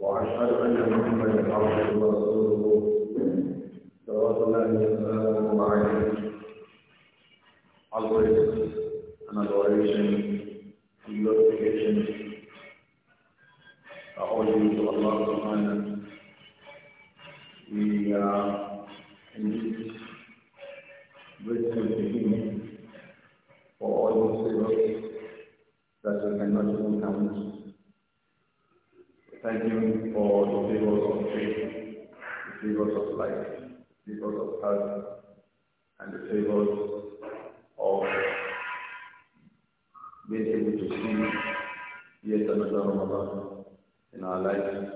وأشهد أن محمدا عبده ورسوله صلوات الله وسلامه عليه always an adoration and glorification are all due to Allah subhanahu We are indeed grateful to Him for all those favors that we cannot even count Thank you for the favors of faith, the favors of life, the favors of health, and the favors of being able to see yet another Ramadan in our lives.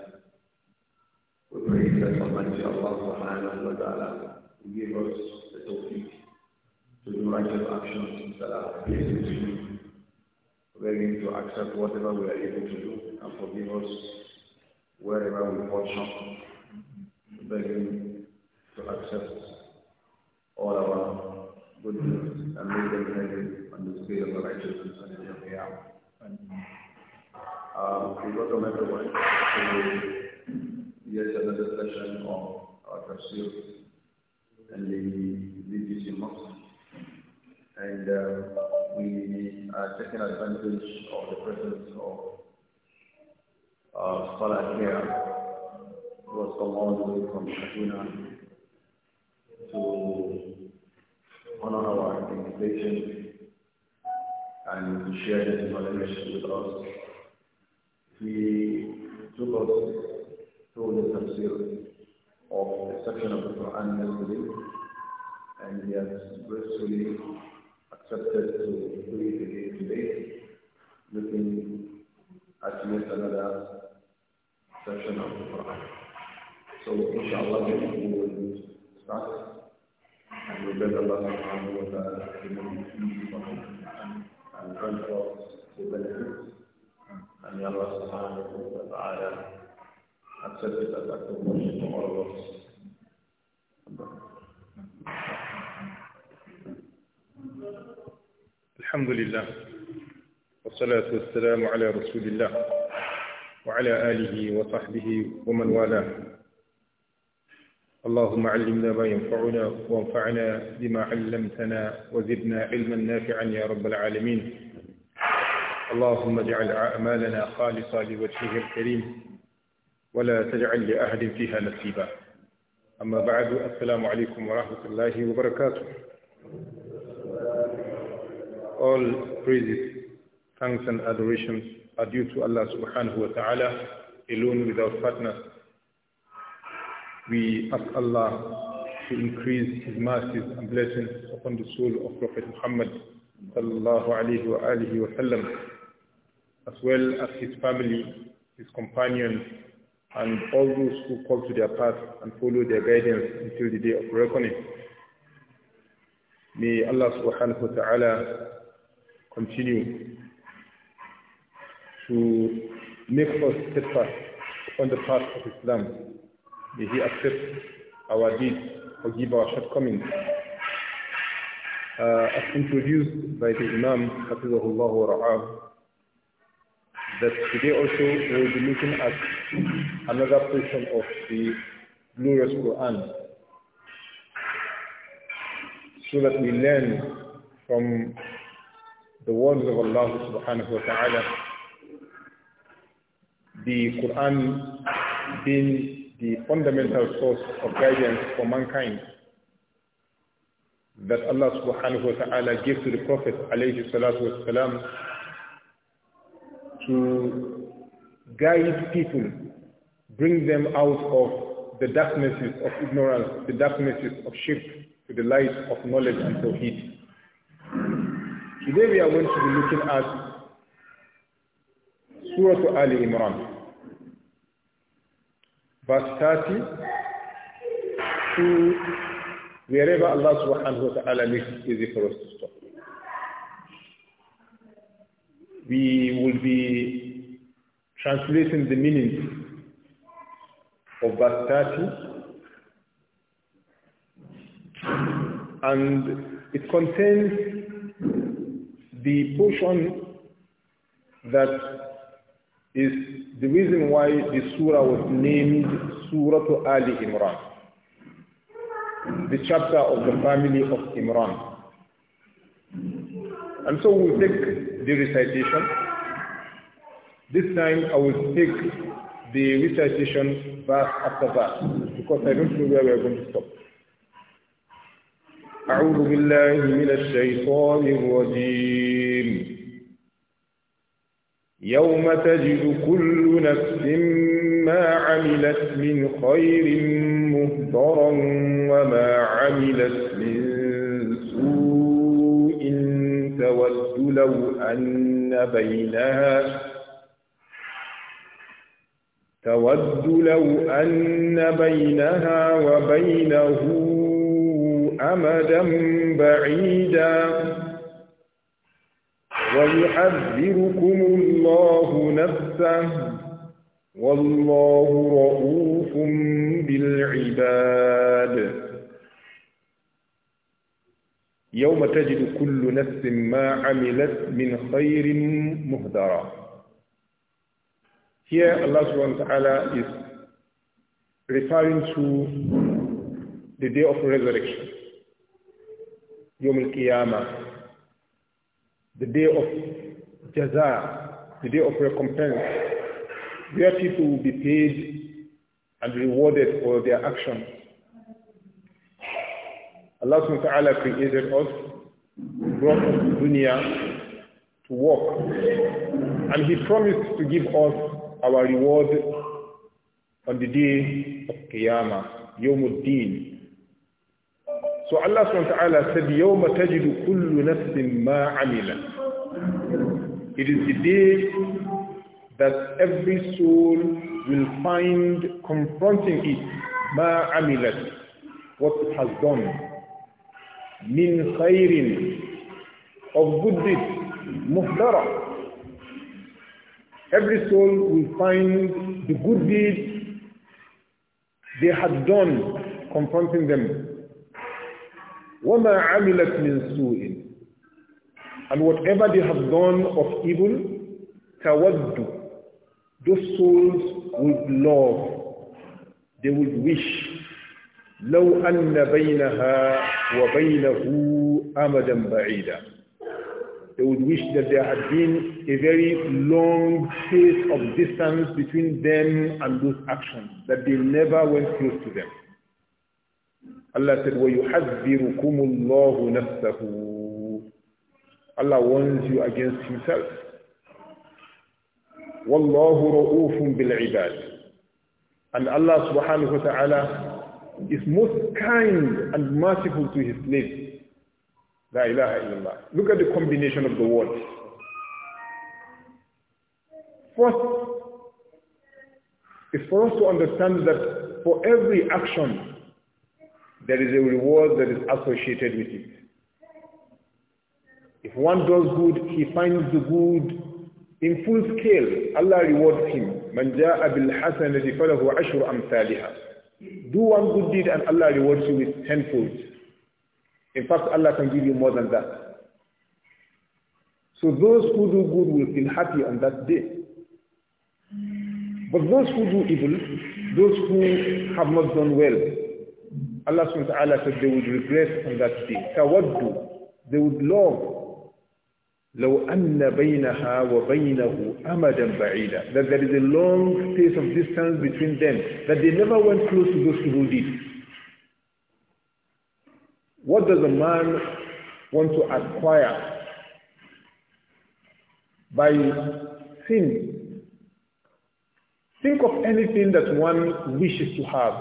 We pray that Almighty Allah subhanahu wa ta'ala will give us the tawfiq to do righteous actions that are pleasing to you. we to accept whatever we are able to do and forgive us wherever we to, begging to accept all our good and make them heavy on the scale of the righteousness and the right of um, we got to make way to yet another session of our pursuit and the BGC And uh, we are taking advantage of the presence of uh, scholar here was the way from Kaduna to honor our invitation and to share this knowledge with us. He took us through the tafsir of a section of the Quran yesterday, and he has gracefully accepted to do it today, looking at yet another version of the Quran. So inshallah we will start and we beg Allah subhanahu wa ta'ala to make it easy for him and grant us the benefits and may Allah subhanahu wa ta'ala accept it as act of worship from all of us. الحمد لله والصلاة والسلام على رسول الله وعلى آله وصحبه ومن والاه اللهم علمنا ما ينفعنا وانفعنا بما علمتنا وزدنا علما نافعا يا رب العالمين اللهم اجعل أعمالنا خالصة لوجهه الكريم ولا تجعل لأحد فيها نصيبا أما بعد السلام عليكم ورحمة الله وبركاته All praises, thanks and adorations are due to Allah subhanahu wa ta'ala alone without partners. We ask Allah to increase His mercies and blessings upon the soul of Prophet Muhammad sallallahu alayhi wa alihi wa sallam, as well as his family, his companions, and all those who call to their path and follow their guidance until the day of reckoning. May Allah subhanahu wa ta'ala continue to make us steadfast on the path of Islam. May He accept our deeds, forgive our shortcomings. Uh, as introduced by the Imam, that today also we will be looking at another portion of the glorious Quran so that we learn from the words of Allah subhanahu wa ta'ala the Quran being the fundamental source of guidance for mankind that Allah subhanahu wa ta'ala gave to the Prophet alayhi salatu wasalam to guide people, bring them out of the darknesses of ignorance, the darknesses of shirk to the light of knowledge and tawheed. Today we are going to be looking at Surah Ali Imran, verse 30 to wherever Allah subhanahu wa ta'ala makes it easy for us to stop. We will be translating the meaning of verse 30 and it contains the portion that is the reason why the surah was named Surah Ali Imran, the chapter of the family of Imran. And so we'll take the recitation. This time I will take the recitation verse after verse because I don't know where we are going to stop. أعوذ بالله من الشيطان الرجيم يوم تجد كل نفس ما عملت من خير مهضرا وما عملت من سوء تود لو أن بينها تود لو أن بينها وبينه أمدا بعيدا ويحذركم الله نفسه والله رؤوف بالعباد يوم تجد كل نفس ما عملت من خير مهدرا Here Allah subhanahu wa ta'ala is referring to the day of resurrection, Yom al-Qiyamah, the day of jaza, the day of recompense, where people will be paid and rewarded for their actions. Allah subhanahu wa ta'ala created us, brought us to dunya to work. And he promised to give us our reward on the day of Qiyamah, Yawmuddin, so Allah SWT said, يَوْمَ تَجِدُ كُلُّ نَفْسٍ مَا عَمِلَ It is the day that every soul will find confronting it, مَا amilat What it has done. مِنْ خَيْرٍ Of good deeds, مُحْدَرَةٍ Every soul will find the good deeds they had done confronting them وَمَا عَمِلَتْ مِنْ سُوءٍ And whatever they have done of evil, تَوَدُّ Those souls would love, they would wish, لَوْ أَنَّ بَيْنَهَا وَبَيْنَهُ أَمَدًا بَعِيدًا They would wish that there had been a very long space of distance between them and those actions, that they never went close to them. Allah said, وَيُحَذِّرُكُمُ اللَّهُ نَفْسَهُ Allah warns you against himself. وَاللَّهُ رَؤُوفٌ بِالْعِبَادِ And Allah subhanahu wa ta'ala is most kind and merciful to his slaves. La ilaha illallah. Look at the combination of the words. First, it's for us to understand that for every action there is a reward that is associated with it. If one does good, he finds the good in full scale. Allah rewards him. Man ja'a bil hasanati falahu ashru Do one good deed and Allah rewards you with tenfold. In fact, Allah can give you more than that. So those who do good will feel happy on that day. But those who do evil, those who have not done well, Allah subhanahu wa ta'ala said they would regret on that day. Tawaddu, they would love. لو أن بينها وبينه أمدا بعيدا That there is a long space of distance between them. That they never went close to those who did. What does a man want to acquire by sin? Think of anything that one wishes to have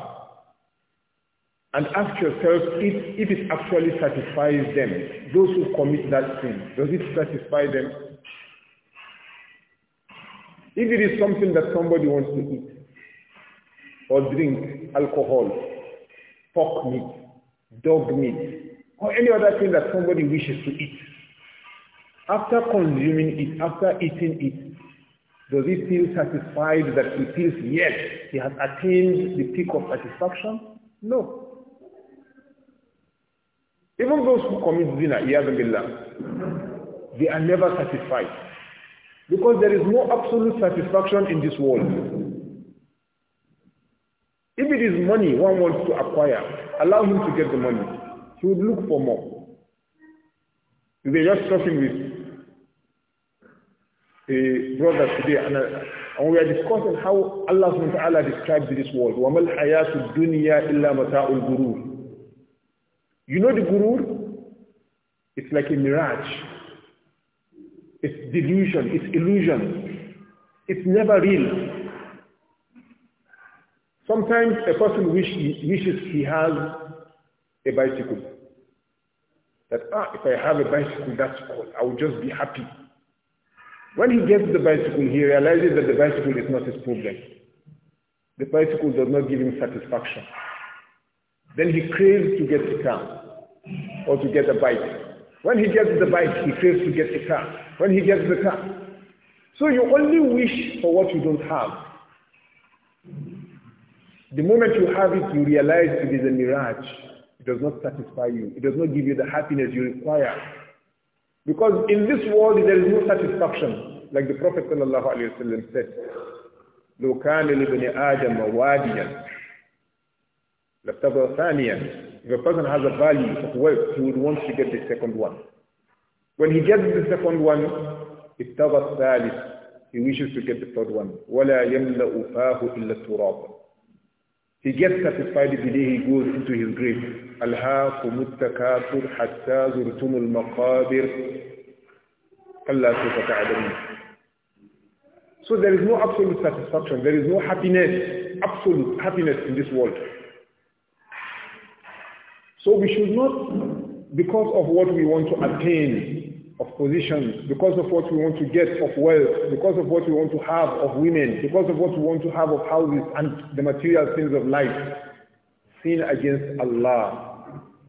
and ask yourself if, if it actually satisfies them, those who commit that sin. Does it satisfy them? If it is something that somebody wants to eat or drink, alcohol, pork meat, dog meat, or any other thing that somebody wishes to eat, after consuming it, after eating it, does he feel satisfied that he feels, yes, he has attained the peak of satisfaction? No. Even those who commit zina, billah, they are never satisfied. Because there is no absolute satisfaction in this world. If it is money one wants to acquire, allow him to get the money. He would look for more. If they're just talking with a brother today, and, uh, and we are discussing how Allah subhanahu wa ta'ala describes this world. وَمَا الْحَيَاةُ الدُّنْيَا إِلَّا مَتَاءُ الْغُرُورِ You know the gurur? It's like a mirage. It's delusion. It's illusion. It's never real. Sometimes a person wish, wishes he has a bicycle. That, ah, if I have a bicycle, that's all. I will just be happy. When he gets the bicycle, he realizes that the bicycle is not his problem. The bicycle does not give him satisfaction. Then he craves to get car or to get a bike. When he gets the bike, he craves to get car. When he gets the car, So you only wish for what you don't have. The moment you have it, you realize it is a mirage. It does not satisfy you. It does not give you the happiness you require. Because in this world, there is no satisfaction. Like the Prophet ﷺ said, لو كان لابن لابتغى ثانيا if a person has a value of wealth, he would want to get the second one. When he gets the second one, اتغى الثالث. He wishes to get the third one. وَلَا يَمْلَأُ فَاهُ إِلَّا التُّرَابَ He gets satisfied the day he goes into his grave. أَلْهَاكُمُ التَّكَاثُرُ حَتَّى زُرْتُمُ الْمَقَابِرِ كَلَّا سَوْفَ تَعْلَمُونَ So there is no absolute satisfaction. There is no happiness, absolute happiness in this world. So we should not, because of what we want to attain of positions, because of what we want to get of wealth, because of what we want to have of women, because of what we want to have of houses and the material things of life, sin against Allah.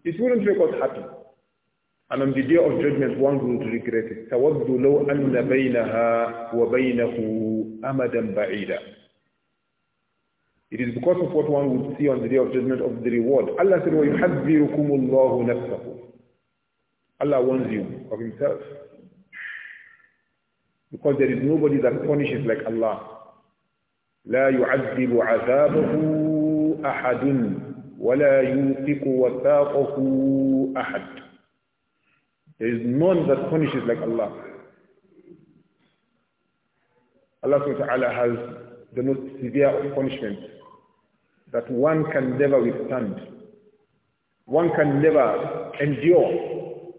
It wouldn't make us happy. And on the day of judgment, one will regret it. It is because of what one would see on the day of judgment of the reward. Allah said, وَيُحَذِّرُكُمُ اللَّهُ نَفْسَهُ Allah warns you of himself. Because there is nobody that punishes like Allah. لا يعذب عذابه أحد ولا يوثق وثاقه أحد There is none that punishes like Allah. Allah subhanahu wa ta'ala has the most severe of punishment that one can never withstand. One can never endure.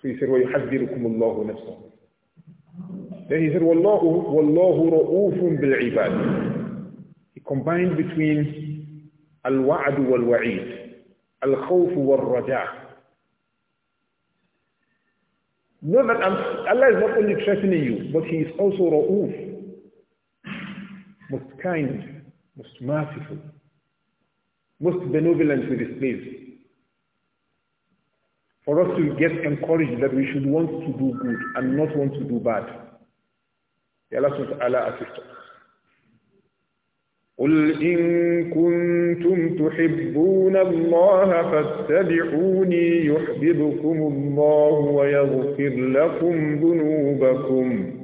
So he said, وَيُحَذِّرُكُمُ اللَّهُ نَفْسَهُ Then he said, وَاللَّهُ, وَاللَّهُ رَؤُوفٌ بِالْعِبَادِ He combined between الوعد والوعيد الخوف والرجاء Know that Allah is not only threatening you, but He is also Ra'uf, most kind, most merciful, most benevolent with his slaves. For us to get encouraged that we should want to do good and not want to do bad. Allah subhanahu Allah assist us. قل إن كنتم تحبون الله فاتبعوني يحببكم الله ويغفر لكم ذنوبكم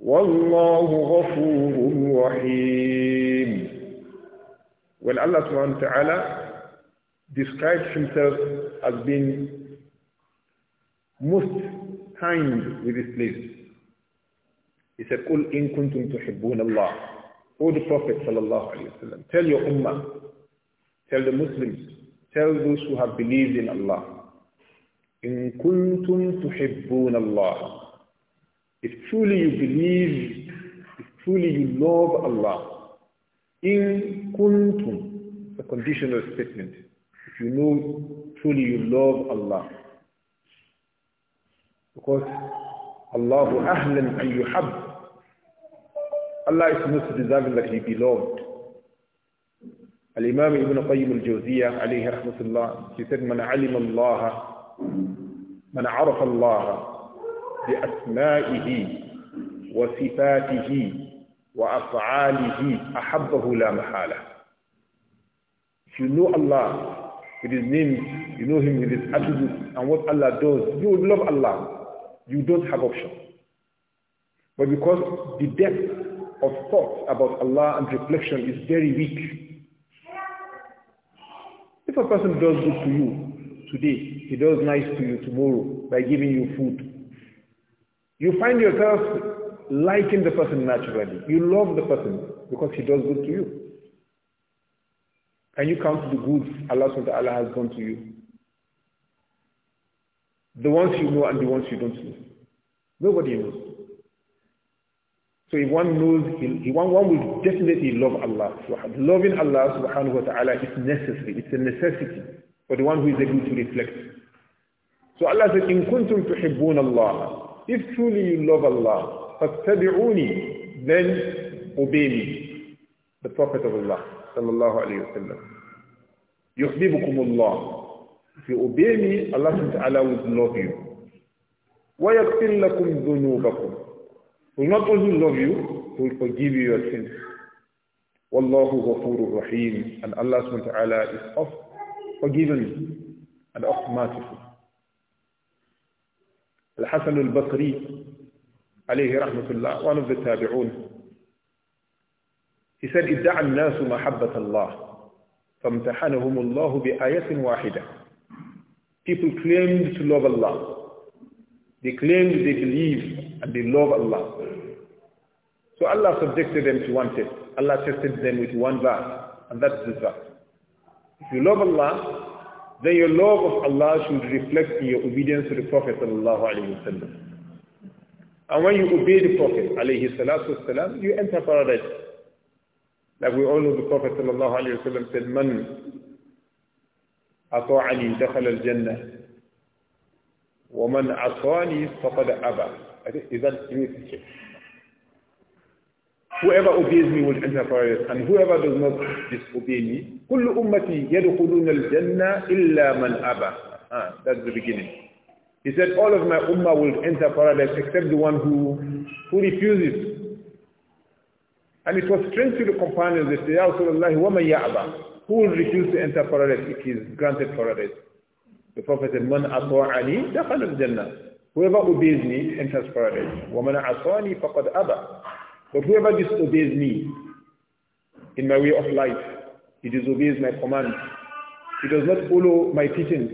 Wallahu ghafurun rahim. When Allah subhanahu ta'ala describes himself as being most kind with his slaves. He said, قُلْ إِن كُنْتُمْ تُحِبُّونَ اللَّهِ O the Prophet sallallahu alayhi wa sallam, tell your ummah, tell the Muslims, tell those who have believed in Allah, إِن كُنْتُمْ تُحِبُّونَ اللَّهِ if truly you believe, if truly you love Allah, in kuntum, a conditional statement. If you know truly you love Allah. Because Allahu ahlan an yuhab. Allah is most deserving that you be loved. Al-Imam Ibn Qayyim al-Jawziyah alayhi rahmatullah, he said, من علم الله, من عرف الله, بأسمائه وصفاته وأفعاله أحبه لا محالة If you know Allah with His name, you know Him with His attributes and what Allah does, you would love Allah. You don't have option. But because the depth of thought about Allah and reflection is very weak. If a person does good to you today, he does nice to you tomorrow by giving you food, You find yourself liking the person naturally. You love the person because he does good to you. And you count the good Allah subhanahu wa ta'ala has done to you. The ones you know and the ones you don't know. Nobody knows. So if one knows, he, one, one will definitely love Allah. Loving Allah subhanahu wa ta'ala is necessary. It's a necessity for the one who is able to reflect. So Allah says, إِن كُنْتُمْ تُحِبُّونَ اللَّهَ If truly you love Allah, فَاتَّبِعُونِي Then obey me, the Prophet of Allah, sallallahu alayhi wa sallam. يُحْبِبُكُمُ اللَّهُ If you obey me, Allah ta'ala will love you. وَيَغْفِرْ لَكُمْ ذُنُوبَكُمْ He will not only love you, He will forgive you your sins. وَاللَّهُ غَفُورٌ رَحِيمٌ And Allah subhanahu wa ta'ala is of forgiven and of merciful. الحسن البصري عليه رحمة الله rahmatullah, التابعون of the ادعى الناس محبة الله فامتحنهم الله بآية واحدة. People claimed to love Allah. They claimed they believe and they love Allah. So Allah subjected them to one test. Allah tested them with one verse, and that's the verse. If you love Allah, then your love of Allah should reflect in your obedience to the Prophet sallallahu And when you obey the Prophet alayhi you enter paradise. Like we all know the Prophet sallallahu alayhi wa sallam said, Man أطاعني دخل الجنة ومن عصاني فقد أبى. Is that you? Whoever obeys me will enter paradise, and whoever does not disobey me, كل أمتي يدخلون الجنة إلا من أبى. Ah, that's the beginning. He said, all of my ummah will enter paradise except the one who, who refuses. And it was strange to the companions. They said, Ya Rasulullah, وَمَنْ يَعْبَى Who will refuse to enter paradise if he is granted paradise? The Prophet said, مَنْ أَطَوَعَنِي دَخَلَ الْجَنَّةِ Whoever obeys me enters paradise. وَمَنْ أَطَوَعَنِي فَقَدْ أَبَى but whoever disobeys me in my way of life, he disobeys my command, he does not follow my teachings,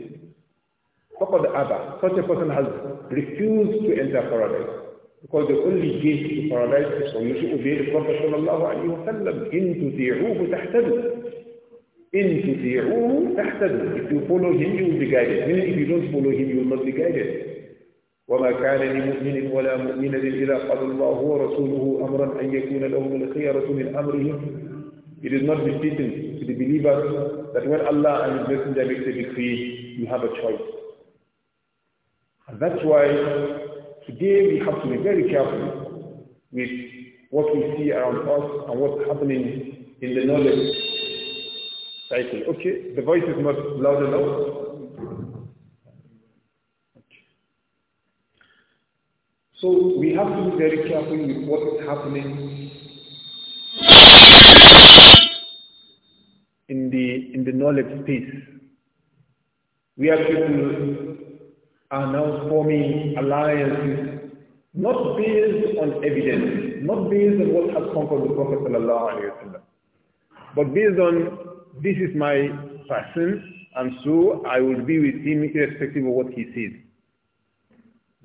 the other, Such a person has refused to enter paradise. Because the only gate to paradise is for you to obey the Prophet sallallahu alayhi wa sallam. إِن تُطِيعُوهُ تَحْتَدُوا إِن تُطِيعُوهُ تَحْتَدُوا If you follow him, you will be guided. Meaning if you don't follow him, you will not be guided. وما كان لمؤمن ولا مؤمنة إذا قال الله ورسوله أمرا أن يكون لهم الخيرة من أمرهم It is not befitting to the believers that when Allah and His Messenger make the decree, you have a choice. And that's why today we have to be very careful with what we see around us and what's happening in the knowledge cycle. Okay, the voice is not loud enough, So we have to be very careful with what is happening in the in the knowledge space, are people are now forming alliances not based on evidence, not based on what has come from the Prophet sallallahu but based on this is my person, and so I will be with him irrespective of what he says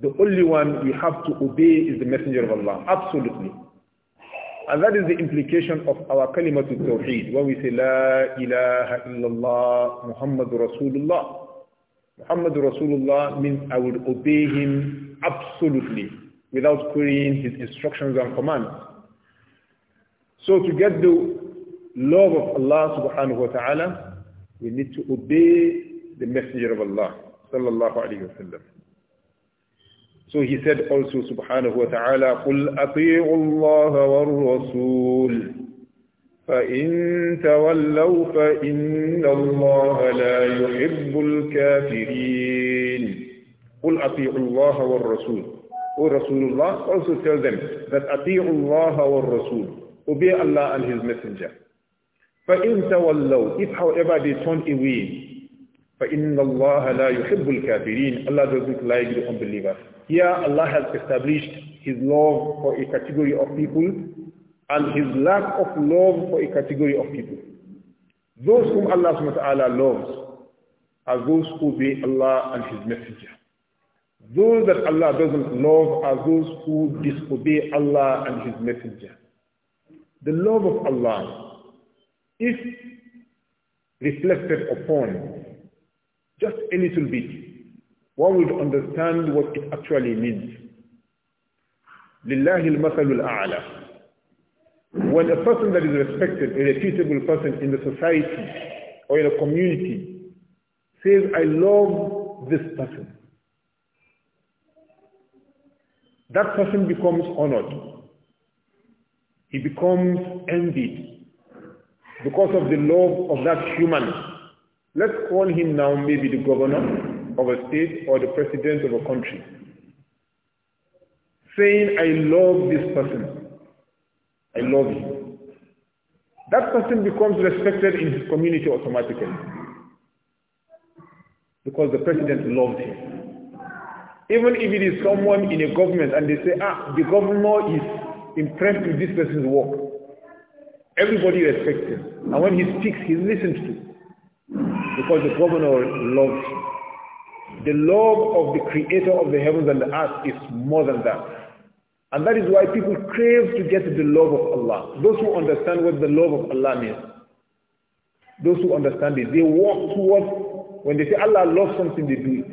the only one we have to obey is the Messenger of Allah. Absolutely. And that is the implication of our kalimatul tawheed when we say La ilaha illallah Muhammadur Rasulullah. Muhammadur Rasulullah means I will obey him absolutely without querying his instructions and commands. So to get the love of Allah subhanahu wa ta'ala, we need to obey the Messenger of Allah sallallahu alayhi wa sallam. So he said also subhanahu wa ta'ala, قُلْ أَطِيعُ اللَّهَ وَالرَّسُولَ فَإِن تَوَلَّوْا فَإِنَّ اللَّهَ لَا يُحِبُّ الْكَافِرِينَ قُلْ أَطِيعُ اللَّهَ وَالرَّسُولَ O Rasulullah also tell them that أَطِيعُ اللَّهَ وَالرَّسُولَ Obey Allah and His Messenger. فَإِن تَوَلَّوْا If however they turn away فَإِنَّ اللَّهَ لَا يُحِبُّ الْكَافِرِينَ Allah doesn't like the unbelievers. Here Allah has established His love for a category of people and His lack of love for a category of people. Those whom Allah subhanahu loves are those who obey Allah and His Messenger. Those that Allah doesn't love are those who disobey Allah and His Messenger. The love of Allah, if reflected upon just a little bit, one would understand what it actually means. لله المثل الأعلى When a person that is respected, a reputable person in the society or in a community says, I love this person, that person becomes honored. He becomes envied because of the love of that human Let's call him now maybe the governor of a state or the president of a country. Saying, I love this person. I love him. That person becomes respected in his community automatically. Because the president loved him. Even if it is someone in a government and they say, ah, the governor is impressed with this person's work. Everybody respects him. And when he speaks, he listens to because the governor loves you. The love of the creator of the heavens and the earth is more than that. And that is why people crave to get the love of Allah. Those who understand what the love of Allah means, those who understand it, they walk towards, when they say Allah loves something, they do it.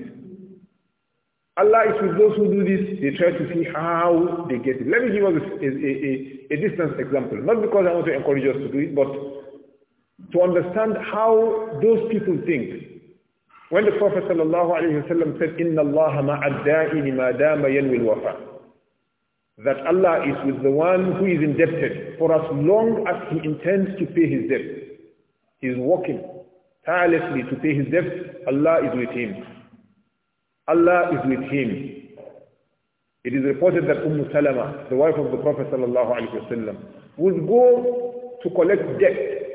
Allah is with those who do this, they try to see how they get it. Let me give us a, a, a, a distance example. Not because I want to encourage us to do it, but to understand how those people think. When the Prophet ﷺ said, إِنَّ اللَّهَ مَعَ الدَّائِنِ مَا دَامَ يَنْوِي الْوَفَى That Allah is with the one who is indebted for as long as he intends to pay his debt. He is working tirelessly to pay his debt. Allah is with him. Allah is with him. It is reported that Umm Salama, the wife of the Prophet ﷺ, would go to collect debt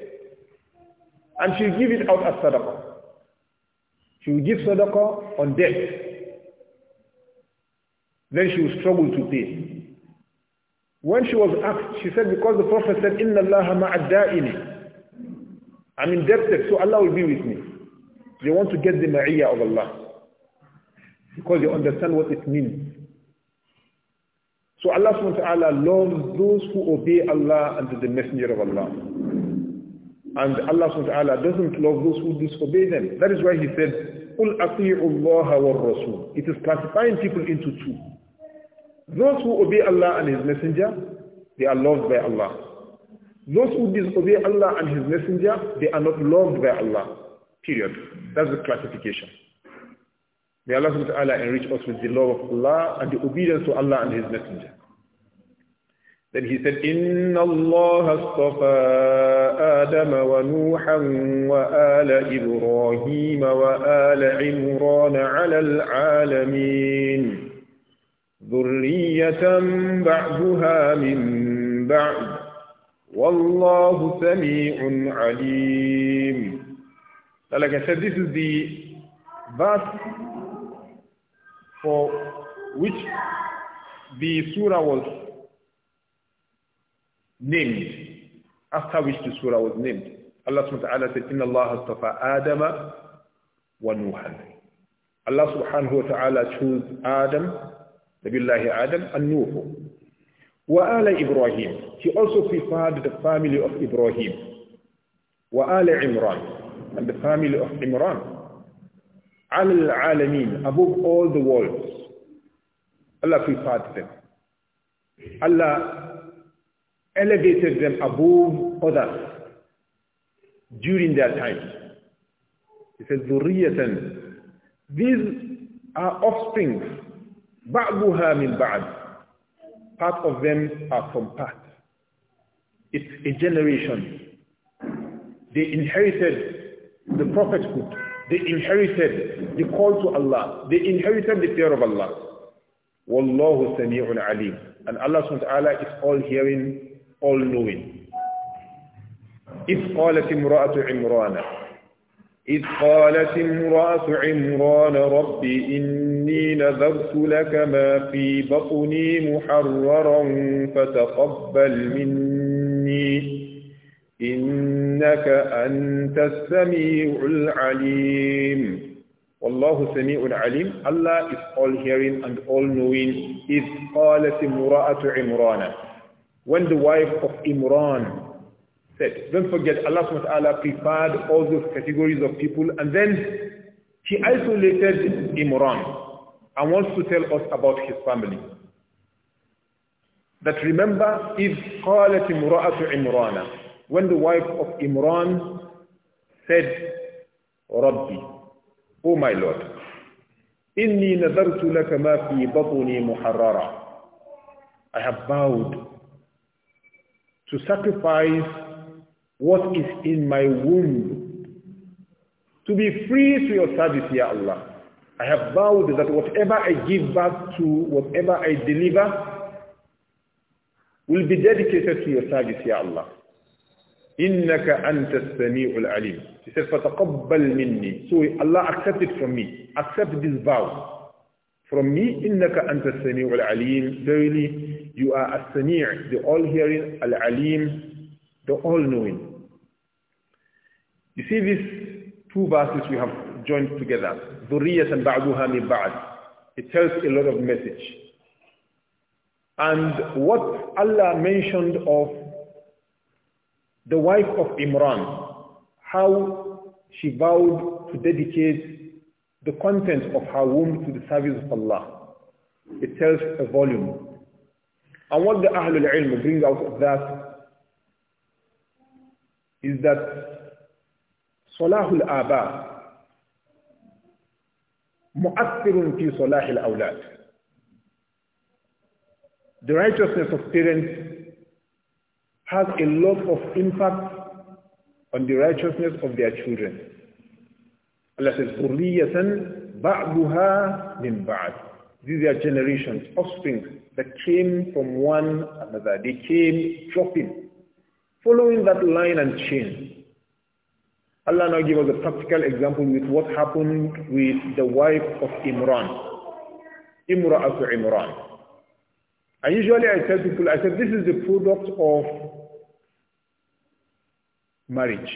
and she'll give it out as sadaqah. She will give sadaqah on debt. Then she will struggle to pay. When she was asked, she said, because the Prophet said, Inna Allah ma'adda'ini. I'm indebted, so Allah will be with me. They want to get the ma'iyah of Allah. Because they understand what it means. So Allah subhanahu wa ta'ala loves those who obey Allah and the messenger of Allah. And Allah subhanahu wa ta'ala doesn't love those who disobey them. That is why he said, قُلْ أَطِيعُوا اللَّهَ It is classifying people into two. Those who obey Allah and His Messenger, they are loved by Allah. Those who disobey Allah and His Messenger, they are not loved by Allah. Period. That's the classification. May Allah subhanahu wa ta'ala enrich us with the love of Allah and the obedience to Allah and His Messenger. Then he said, إِنَّ اللَّهَ اصْطَفَى آدَمَ وَنُوحًا وَآلَ إِبْرَاهِيمَ وَآلَ عِمْرَانَ عَلَى الْعَالَمِينَ ذُرِّيَّةً بَعْضُهَا مِنْ بَعْضٍ وَاللَّهُ سَمِيعٌ عَلِيمٌ So like I said, this is the verse for which the surah was named, after which the surah was named. Allah subhanahu wa ta'ala said, إِنَّ اللَّهَ Adam wa وَنُوحًا Allah subhanahu wa ta'ala chose Adam, Nabiullahi Adam, and Wa Ala Ibrahim. He also preferred the family of Ibrahim. Wa Ala Imran. And the family of Imran. عَلَى الْعَالَمِينَ Above all the worlds. Allah preferred them. Allah elevated them above others during their time. He said, ذُرِّيَّةً These are offspring, بَعْضُهَا مِنْ Part of them are from past. It's a generation. They inherited the prophethood. They inherited the call to Allah. They inherited the fear of Allah. Wallahu Sami'un Alim. And Allah subhanahu wa ta'ala is all hearing all knowing إذ قالت امرأة عمران إذ قالت امرأة عمران ربي إني نذرت لك ما في بطني محررا فتقبل مني إنك أنت السميع العليم والله سميع العليم Allah is all hearing and all knowing إذ قالت امرأة عمران when the wife of Imran said, don't forget Allah subhanahu wa ta'ala prepared all those categories of people and then he isolated Imran and wants to tell us about his family. That remember, if قالت امرأة عمران when the wife of Imran said, Rabbi, O my Lord, إني نذرت لك ما في بطني محررا I have vowed to sacrifice what is in my womb to be free to your service, Ya Allah. I have vowed that whatever I give back to, whatever I deliver, will be dedicated to your service, Ya Allah. إِنَّكَ أَنْتَ السَّمِيعُ الْعَلِيمُ He said, فَتَقَبَّلْ مِنِّي So Allah accepted from me. Accept this vow. From me, إِنَّكَ أَنْتَ السَّمِيعُ alim Verily, you are as-sami' the all-hearing, al-alim, the all-knowing. You see these two verses we have joined together. ذُرِّيَّةً بَعْضُهَا مِنْ بَعْضٍ It tells a lot of message. And what Allah mentioned of the wife of Imran, how she vowed to dedicate the content of her womb to the service of Allah. It tells a volume. And what the Ahlul Ilm brings out of that is that Salahul Aba مؤثر fi صلاح الأولاد. The righteousness of parents has a lot of impact on the righteousness of their children. Allah says, Urliyatan ba'duha min ba'd. These are generations, offspring that came from one another. They came dropping, following that line and chain. Allah now gives us a practical example with what happened with the wife of Imran. Imra'atu Imran. And usually I tell people, I said, this is the product of marriage.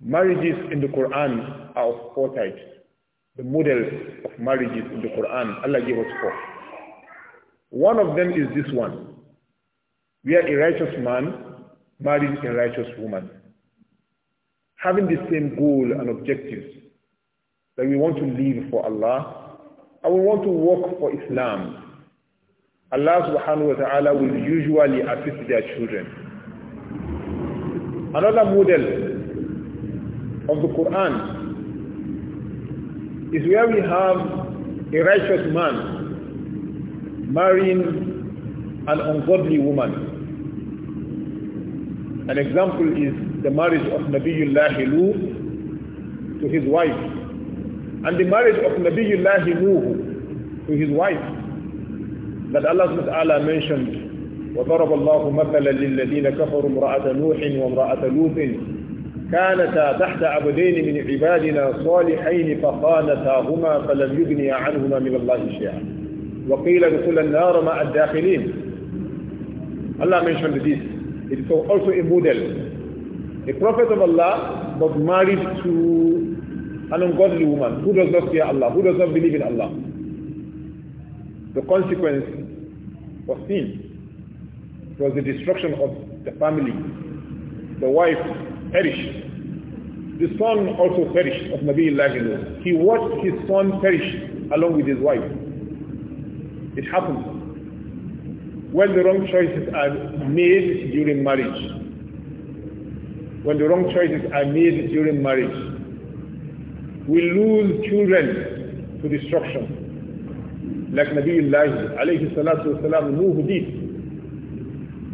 Marriages in the Quran are of four types. The models of marriages in the Quran, Allah gave us four. One of them is this one, we are a righteous man marrying a righteous woman, having the same goal and objectives that we want to live for Allah and we want to work for Islam. Allah subhanahu wa ta'ala will usually assist their children. Another model of the Quran is where we have a righteous man marrying an ungodly woman. An example is the marriage of Nabiullah Nuh to his wife and the marriage of Nabiullah Nuh to his wife that Allah subhanahu mentioned وضرب الله مثلا للذين كفروا امرأة نوح وامرأة لوط كانتا تحت عبدين من عبادنا صالحين فخانتاهما فلم يغني عنهما من الله شيئا وقيل ادخل النار مع الداخلين Allah mentioned this it is also a model a prophet of Allah was married to an ungodly woman who does not fear Allah who does not believe in Allah the consequence was sin it was the destruction of the family the wife perished. The son also perished of Nabi Allah. He watched his son perish along with his wife. It happens. When the wrong choices are made during marriage, when the wrong choices are made during marriage, we lose children to destruction like Nabiullah alayhi salatu wasalam, Nuh did.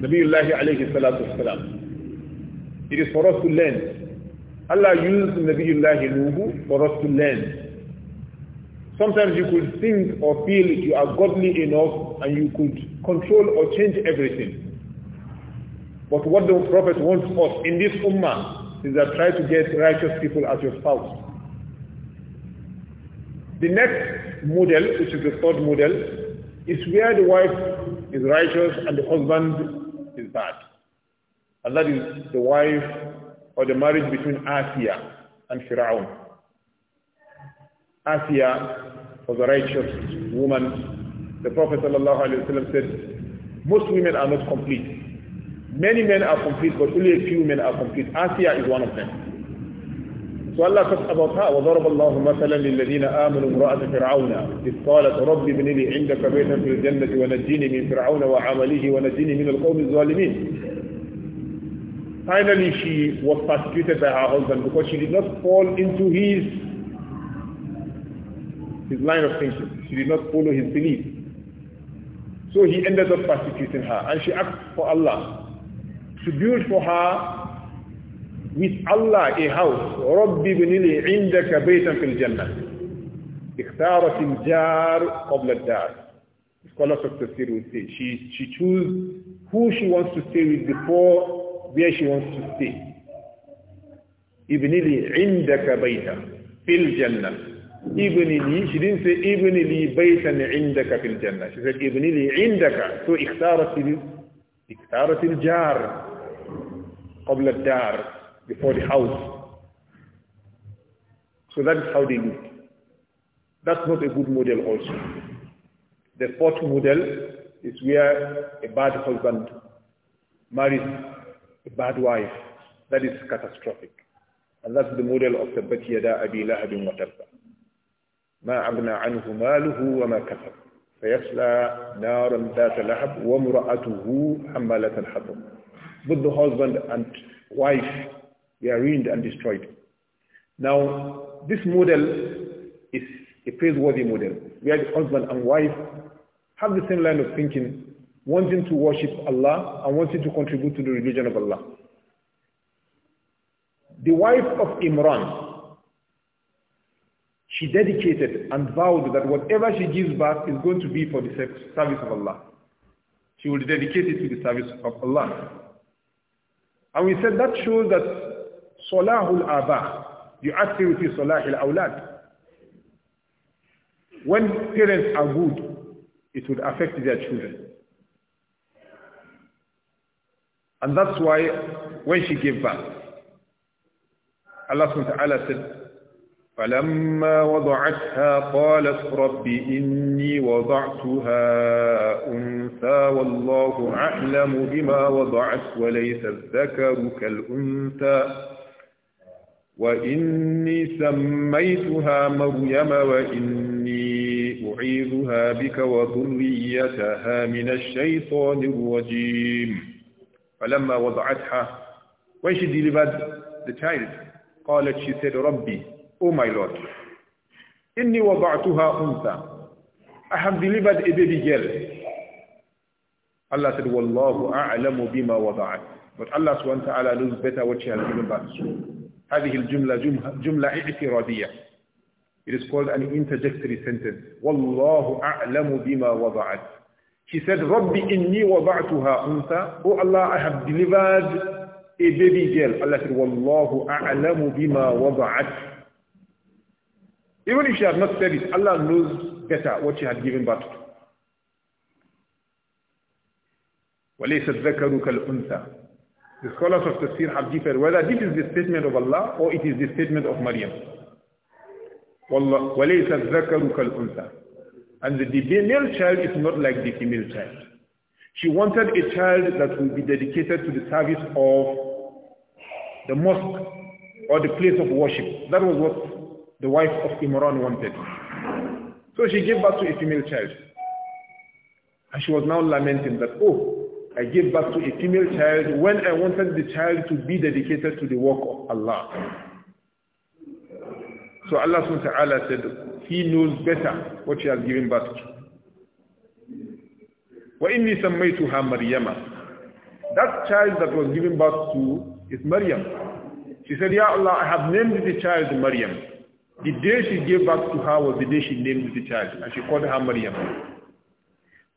Nabiullah alayhi salatu wasalam. It is for us to learn. Allah used Nabiullah Nuhu for us to learn. Sometimes you could think or feel you are godly enough and you could control or change everything. But what the Prophet wants us in this ummah is that try to get righteous people as your spouse. The next model, which is the third model, is where the wife is righteous and the husband is bad. And that is the wife or the marriage between Asiya and Firaun. Asiya was a righteous woman. The Prophet ﷺ said, most women are not complete. Many men are complete, but only a few men are complete. Asiya is one of them. So Allah talks about her. وضرب الله مثلا للذين آمنوا امرأة فرعون إذ قالت رب ابن لي عندك بيتا في الجنة ونجيني من فرعون وعمله ونجيني من القوم الظالمين Finally, she was persecuted by her husband because she did not fall into his his line of thinking. She did not follow his belief. So he ended up persecuting her. And she asked for Allah to build for her with Allah a house. رَبِّ بِنِلِي عِنْدَكَ بَيْتًا فِي الْجَنَّةِ اختارت الجار قبل الدار scholars of Tafsir will say she, she chose who she wants to stay with before where she wants to stay. Ibn Ibnili indaka baita fil jannah. Ibnili, she didn't say Ibn ibnili baitan indaka fil jannah. She said Ibn ibnili indaka. So ikhtarat il, ikhtarat jar. قبل الدار before the house. So that is how they look. That's not a good model also. The fourth model is where a bad husband marries a bad wife, that is catastrophic. And that's the model of the يدا أبي لهب وتب ما أغنى عنه ماله وما كسب فيصلى نارا ذات لهب وامرأته حمالة الحطب Both the husband and wife, they are ruined and destroyed. Now, this model is a praiseworthy model, where the husband and wife have the same line of thinking wanting to worship Allah and wanting to contribute to the religion of Allah. The wife of Imran, she dedicated and vowed that whatever she gives back is going to be for the service of Allah. She will dedicate it to the service of Allah. And we said that shows that Salahul Aba, the activity Salahul Awlad. When parents are good, it would affect their children. And that's why when she gave birth, Allah subhanahu wa ta'ala said, فلما وضعتها قالت رب إني وضعتها أنثى والله أعلم بما وضعت وليس الذكر كالأنثى وإني سميتها مريم وإني أعيذها بك وذريتها من الشيطان الرجيم فَلَمَّا وَضَعَتْهَا When she delivered the child, قالت, she said, رَبِّي, O oh my Lord, إِنِّي وَضَعْتُهَا أُنْثَى I have delivered a baby girl. Allah said, وَاللَّهُ أَعْلَمُ بِمَا وَضَعَتْ But Allah subhanahu wa ta'ala knows better what she has given birth to. هذه الجملة جملة اعتراضية. It is called an interjectory sentence. وَاللَّهُ أَعْلَمُ بِمَا وَضَعَتْ he said, Rabbi inni waba'tuha unta. Oh Allah, I have delivered a baby girl. Allah said, Wallahu a'lamu bima waba'at. Even if she had not said it, Allah knows better what she had given birth to. وليس الذكر كالأنثى. The scholars of Tafsir have differed whether this is the statement of Allah or it is the statement of Maryam. وَلَيْسَ الذَّكَرُ كَالْأُنْثَى and the, male child is not like the female child. She wanted a child that would be dedicated to the service of the mosque or the place of worship. That was what the wife of Imran wanted. So she gave birth to a female child. And she was now lamenting that, oh, I gave birth to a female child when I wanted the child to be dedicated to the work of Allah. So Allah subhanahu wa ta'ala said, he knows better what she has given birth to. وَإِنِّي سَمَّيْتُهَا مَرْيَمَ That child that was given birth to is Maryam. She said, Ya Allah, I have named the child Maryam. The day she gave birth to her was the day she named the child, and she called her Maryam.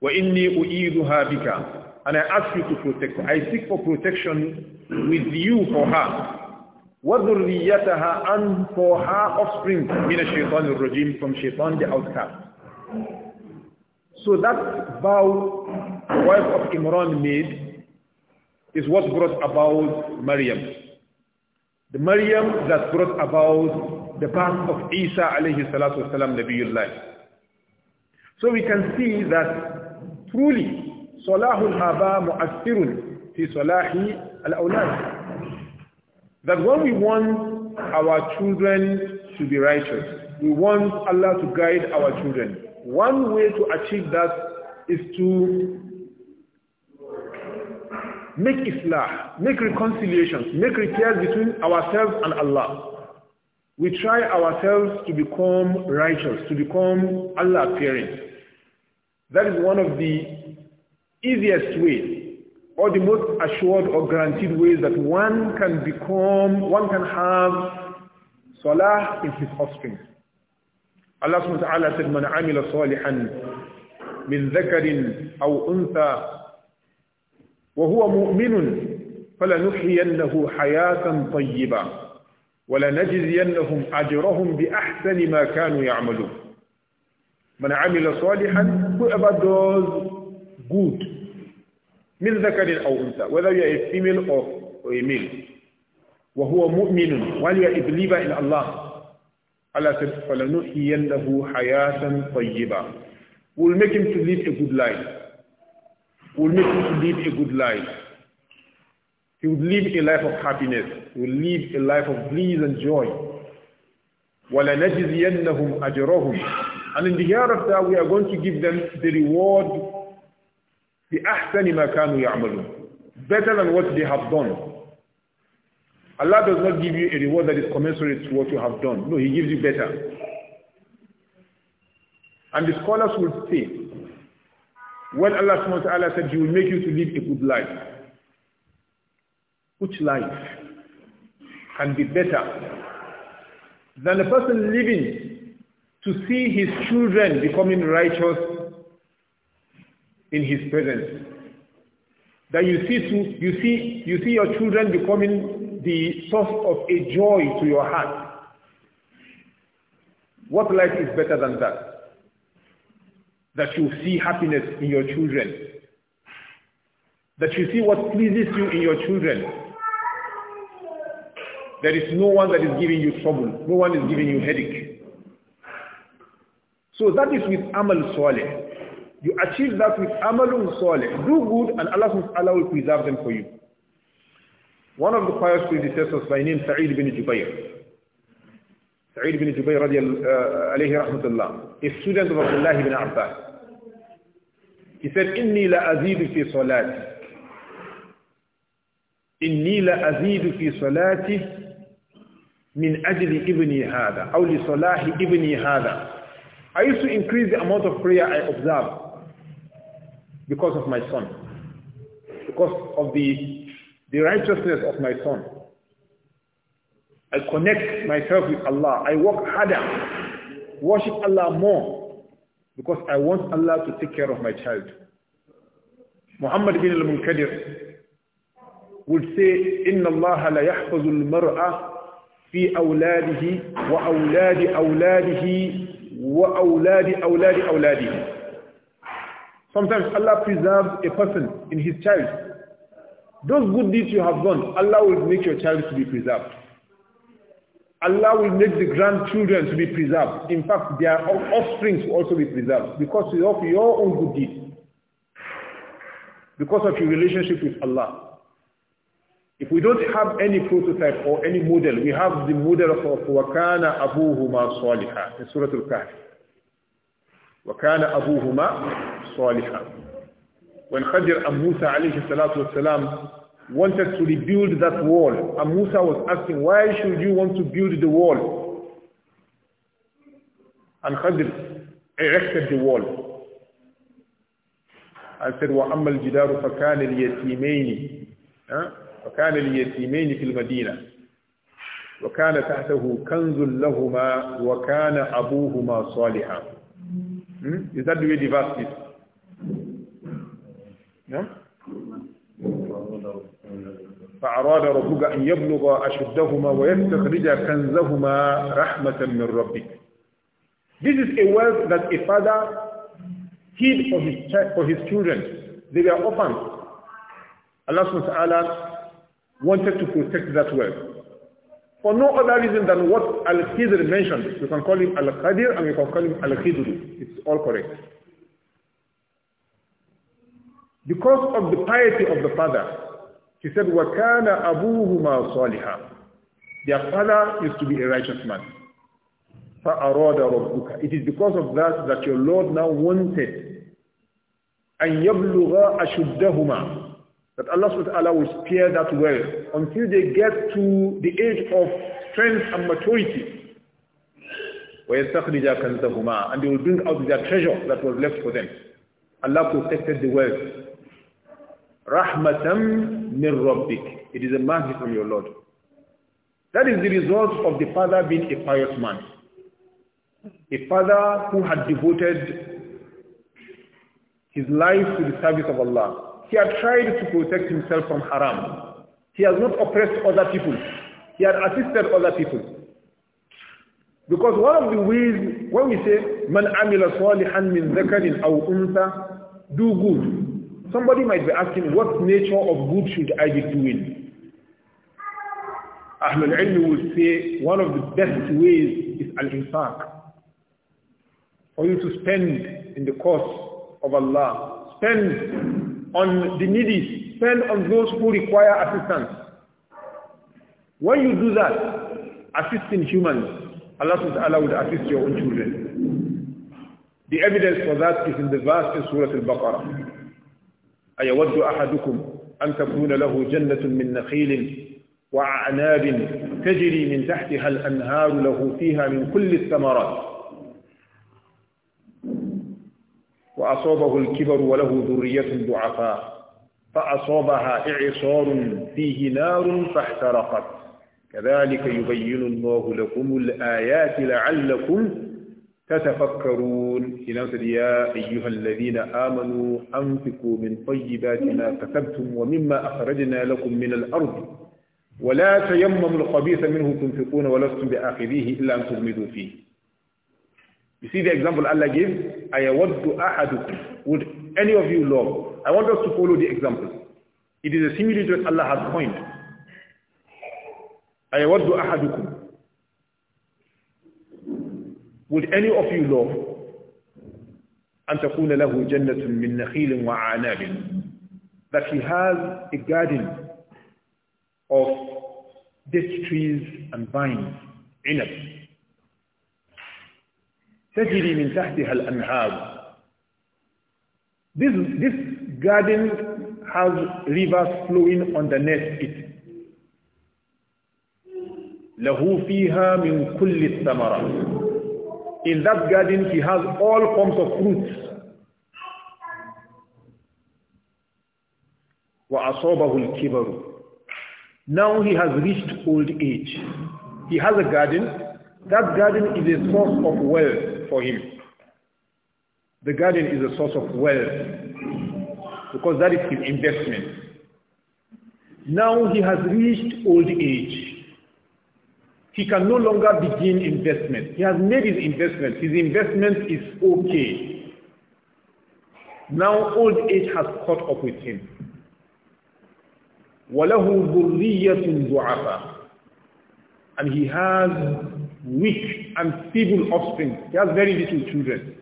وَإِنِّي أُعِيذُهَا بِكَ And I ask you to protect her. I seek for protection with you for her. وَذُرِّيَّتَهَا And for her offspring مِنَ الشَّيْطَانِ الرَّجِيمِ From shaitan the outcast. So that vow the wife of Imran made is what brought about Maryam. The Maryam that brought about the birth of Isa alayhi salatu wasalam Nabiullah. So we can see that truly Salahul Haba mu'athirun fi Salahi al-awlad. That when we want our children to be righteous, we want Allah to guide our children. One way to achieve that is to make islah, make reconciliations, make repairs between ourselves and Allah. We try ourselves to become righteous, to become Allah-fearing. That is one of the easiest ways or the most assured or guaranteed ways that one can become, one can have salah in his offspring. Allah subhanahu wa ta'ala said, "Man amila salihan min dhakarin aw untha wa huwa mu'minun فلنحيينه حياة طيبة ولنجزينهم أجرهم بأحسن ما كانوا يعملون من عمل صالحا whoever does good من ذكر أو أنثى whether you are a female or, or a male وهو مؤمن while you are a believer in Allah Allah said فلنحيينه حياة طيبة will make him to live a good life will make him to live a good life he would live a life of happiness he will live a life of bliss and joy ولنجزينهم أجرهم and in the hereafter we are going to give them the reward bi ahsani ma kanu ya'malun. Better than what they have done. Allah does not give you a reward that is commensurate to what you have done. No, He gives you better. And the scholars will say, when Allah subhanahu wa ta'ala said, He will make you to live a good life, which life can be better than a person living to see his children becoming righteous in his presence. That you see, you see, you see your children becoming the source of a joy to your heart. What life is better than that? That you see happiness in your children. That you see what pleases you in your children. There is no one that is giving you trouble. No one is giving you headache. So that is with Amal Swaleh. You achieve that with amalun salih. Do good and Allah will preserve them for you. One of the pious predecessors by name Sa'id bin Jubayr. Sa'id bin Jubayr uh, alayhi rahmatullah. A student of Abdullah ibn Abbas. He said, إِنِّي لَأَزِيدُ فِي صَلَاتِي إِنِّي لَأَزِيدُ فِي صَلَاتِي min ajli ibni hada aw li salahi ibni hada i used to increase the amount of prayer i observe because of my son, because of the, the righteousness of my son. I connect myself with Allah. I work harder, worship Allah more, because I want Allah to take care of my child. Muhammad bin al-Munkadir would say, إِنَّ اللَّهَ لَيَحْفَظُ الْمَرْأَ في أولاده وأولاد أولاده وأولاد أولاد أولاده Sometimes Allah preserves a person in his child. Those good deeds you have done, Allah will make your child to be preserved. Allah will make the grandchildren to be preserved. In fact, their offspring will also be preserved because of your own good deeds. Because of your relationship with Allah. If we don't have any prototype or any model, we have the model of Wakana Abuhuma Salihah in Surah Al-Kahf. وكان أبوهما صالحا When Khadir and Musa عليه الصلاة والسلام wanted to rebuild that wall, and Musa was asking, why should you want to build the wall? And Khadir erected the wall. and said, وَأَمَّا الْجِدَارُ فَكَانَ الْيَتِيمَيْنِ فَكَانَ الْيَتِيمَيْنِ فِي الْمَدِينَةِ وكان تحته كنز لهما وكان أبوهما صالحا Hmm? Is that the way فأراد ربك أن يبلغ أشدهما ويستخرج كنزهما رحمة من ربك This is a wealth that a father hid for his, for his children. They were orphans. Allah subhanahu wa ta'ala wanted to protect that wealth for no other reason than what Al-Khidr mentioned. You can call him Al-Qadir and you can call him Al-Khidri. It's all correct. Because of the piety of the father, he said, وَكَانَ أَبُوهُمَا صَالِحًا Their father used to be a righteous man. فَأَرَادَ رَبُّكَ It is because of that that your Lord now wanted أَن يَبْلُغَا أَشُدَّهُمَا that Allah subhanahu wa ta'ala will spare that well until they get to the age of strength and maturity. And they will bring out their treasure that was left for them. Allah protected the wealth. Rahmatam min Rabbik. It is a mercy from your Lord. That is the result of the father being a pious man. A father who had devoted his life to the service of Allah. He had tried to protect himself from haram. He has not oppressed other people. He had assisted other people. Because one of the ways, when we say, man amila salihan min zakarin aw unsa, do good. Somebody might be asking, what nature of good should I be doing? Ahlul Ilm will say, one of the best ways is al-infaq. For you to spend in the cause of Allah. Spend on the needy, spend on those who require assistance. When you do that, assisting humans, Allah SWT wa would assist your own children. The evidence for that is in the verse in Surah Al-Baqarah. أيود أحدكم أن تكون له جنة من نخيل وَعَنَابٍ تجري من تحتها الأنهار له فيها من كل الثمرات وأصابه الكبر وله ذرية ضعفاء فأصابها إعصار فيه نار فاحترقت كذلك يبين الله لكم الآيات لعلكم تتفكرون إنما يا أيها الذين آمنوا أنفقوا من طيبات ما كسبتم ومما أخرجنا لكم من الأرض ولا تيمموا الخبيث منه تنفقون ولستم بآخذيه إلا أن تغمدوا فيه You see the example Allah gives. I gave? أَيَوَدُّ أَحَدُكُمْ Would any of you love? I want us to follow the example. It is a similitude Allah has coined. أَيَوَدُّ أَحَدُكُمْ Would any of you love? أن تكون له جنة من نخيل وعناب that he has a garden of date trees and vines in it تجري من تحتها الأنهار This, this garden has rivers flowing underneath it. له فيها من كل الثمرات In that garden he has all forms of fruits. وأصابه الكبر Now he has reached old age. He has a garden. That garden is a source of wealth for him. The garden is a source of wealth because that is his investment. Now he has reached old age. He can no longer begin investment. He has made his investment. His investment is okay. Now old age has caught up with him. وَلَهُ ذُرِّيَّةٌ ضُعَفَةٌ And he has weak and feeble offspring. He has very little children.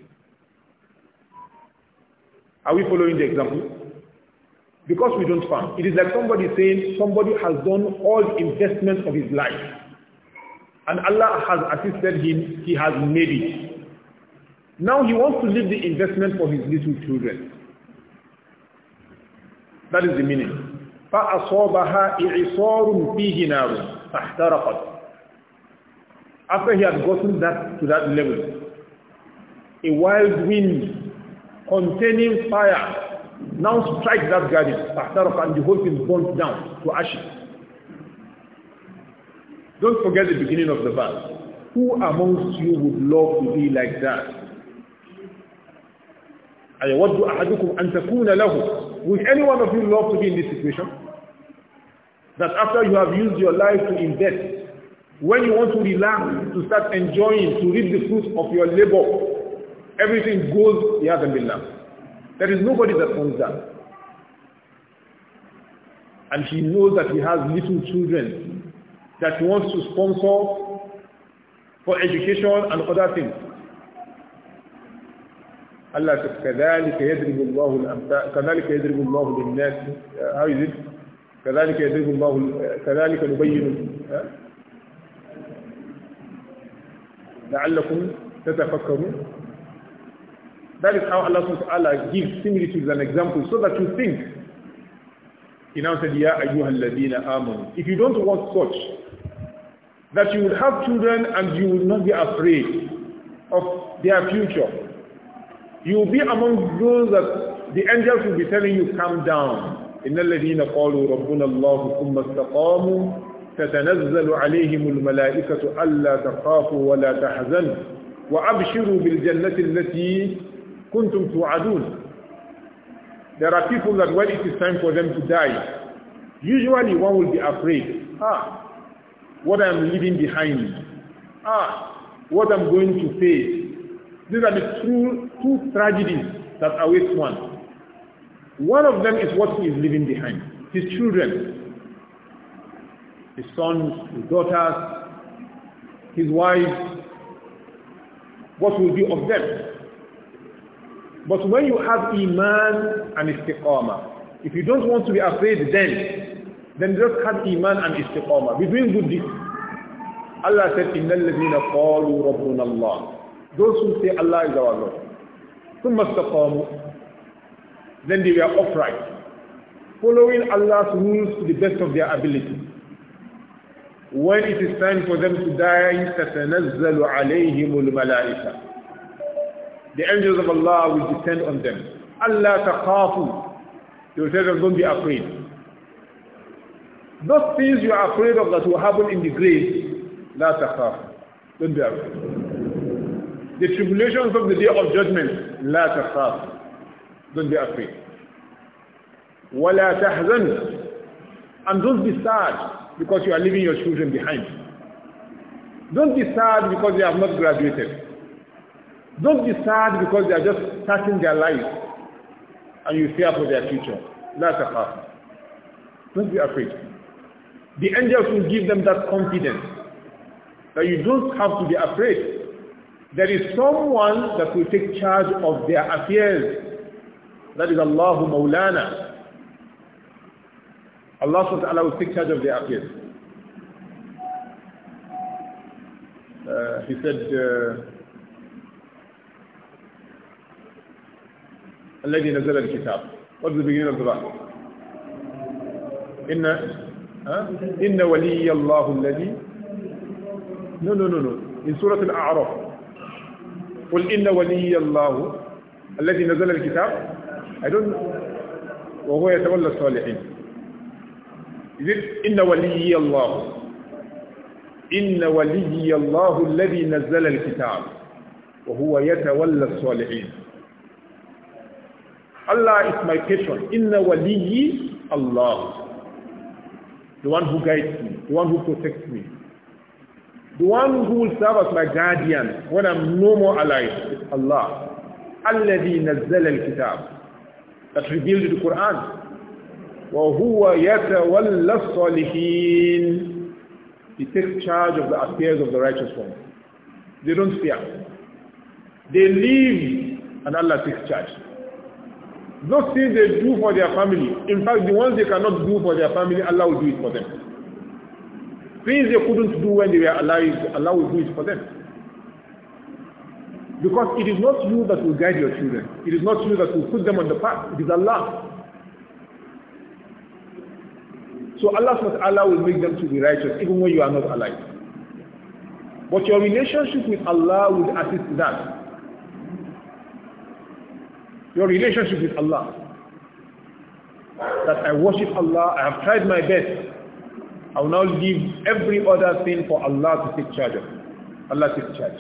Are we following the example? Because we don't farm. It is like somebody saying somebody has done all investments of his life. And Allah has assisted him, he has made it. Now he wants to leave the investment for his little children. That is the meaning. فَأَصَابَهَا إِعِصَارٌ فِيهِ نَارٌ فَاحْتَرَقَتْ after he had gotten that to that level, a wild wind containing fire now strikes that garden, and the whole thing burnt down to ashes. Don't forget the beginning of the verse. Who amongst you would love to be like that? أَيَوَدُّ أَحَدُكُمْ أَن تَكُونَ لَهُ Would any one of you love to be in this situation? That after you have used your life to invest when you want to relax, to start enjoying, to reap the fruits of your labor, everything goes yadam billah. There is nobody that owns that. And he knows that he has little children that he wants to sponsor for education and other things. Allah says, كَذَلِكَ يَدْرِبُ اللَّهُ الْأَمْثَالَ كَذَلِكَ يَدْرِبُ اللَّهُ لِلنَّاسِ How is it? كَذَلِكَ يَدْرِبُ اللَّهُ كَذَلِكَ نُبَيِّنُ لعلكم تتفكرون That is how Allah subhanahu gives similitudes and examples so that you think. He now said, Ya ladina amanu. If you don't want such, that you will have children and you will not be afraid of their future. You will be among those that the angels will be telling you, calm down. إن الذين قالوا ربنا الله ثم استقاموا تتنزل عليهم الملائكة ألا تخافوا ولا تحزنوا وأبشروا بالجنة التي كنتم توعدون There are people that when it is time for them to die, usually one will be afraid. Ah, what I'm leaving behind. Ah, what I'm going to face. These are the two tragedies that await one. One of them is what he is leaving behind, his children his sons, his daughters, his wife, what will be of them? But when you have Iman and Istiqamah, if you don't want to be afraid then, then just have Iman and Istiqamah. Be doing good deeds. Allah said, إِنَّ الَّذِينَ قَالُوا رَبُّنَ اللَّهِ Those who say Allah is our Lord. ثُمَّ اسْتَقَامُوا Then they were upright, following Allah's rules to the best of their ability when it is time for them to die, تَتَنَزَّلُ عَلَيْهِمُ الْمَلَائِكَةِ The angels of Allah will descend on them. Allah تَخَافُوا He will tell them, don't be afraid. Those things you are afraid of that will happen in the grave, لَا تَخَافُوا Don't be afraid. The tribulations of the day of judgment, لَا تَخَافُوا Don't be afraid. وَلَا تحزن And don't be sad because you are leaving your children behind. Don't be sad because they have not graduated. Don't be sad because they are just starting their life and you fear for their future. That's a problem. Don't be afraid. The angels will give them that confidence that you don't have to be afraid. There is someone that will take charge of their affairs. That is Allah Mawlana. Allah subhanahu wa ta'ala will take charge of the affairs. Uh, he said, الذي نزل الكتاب. What's the beginning of the verse? إن ها? إن ولي الله الذي No, no, no, no. In Surah Al-A'raf. قل إن ولي الله الذي نزل الكتاب. I don't know. وهو يتولى الصالحين. إن ولي الله إن ولي الله الذي نزل الكتاب وهو يتولى الصالحين Allah is my patron إن ولي الله the one who guides me the one who protects me the one who will serve as my guardian when I'm no more alive is Allah الذي نزل الكتاب that revealed the Quran وَهُوَ يَتَوَلَّ الصَّالِحِينَ He takes charge of the affairs of the righteous ones. They don't fear. They leave and Allah takes charge. Those things they do for their family, in fact the ones they cannot do for their family, Allah will do it for them. Things they couldn't do when they were alive, Allah will do it for them. Because it is not you that will guide your children. It is not you that will put them on the path. It is Allah. So Allah SWT will make them to be righteous even when you are not alive. But your relationship with Allah will assist that. Your relationship with Allah. That I worship Allah, I have tried my best. I will now leave every other thing for Allah to take charge of. Allah takes charge.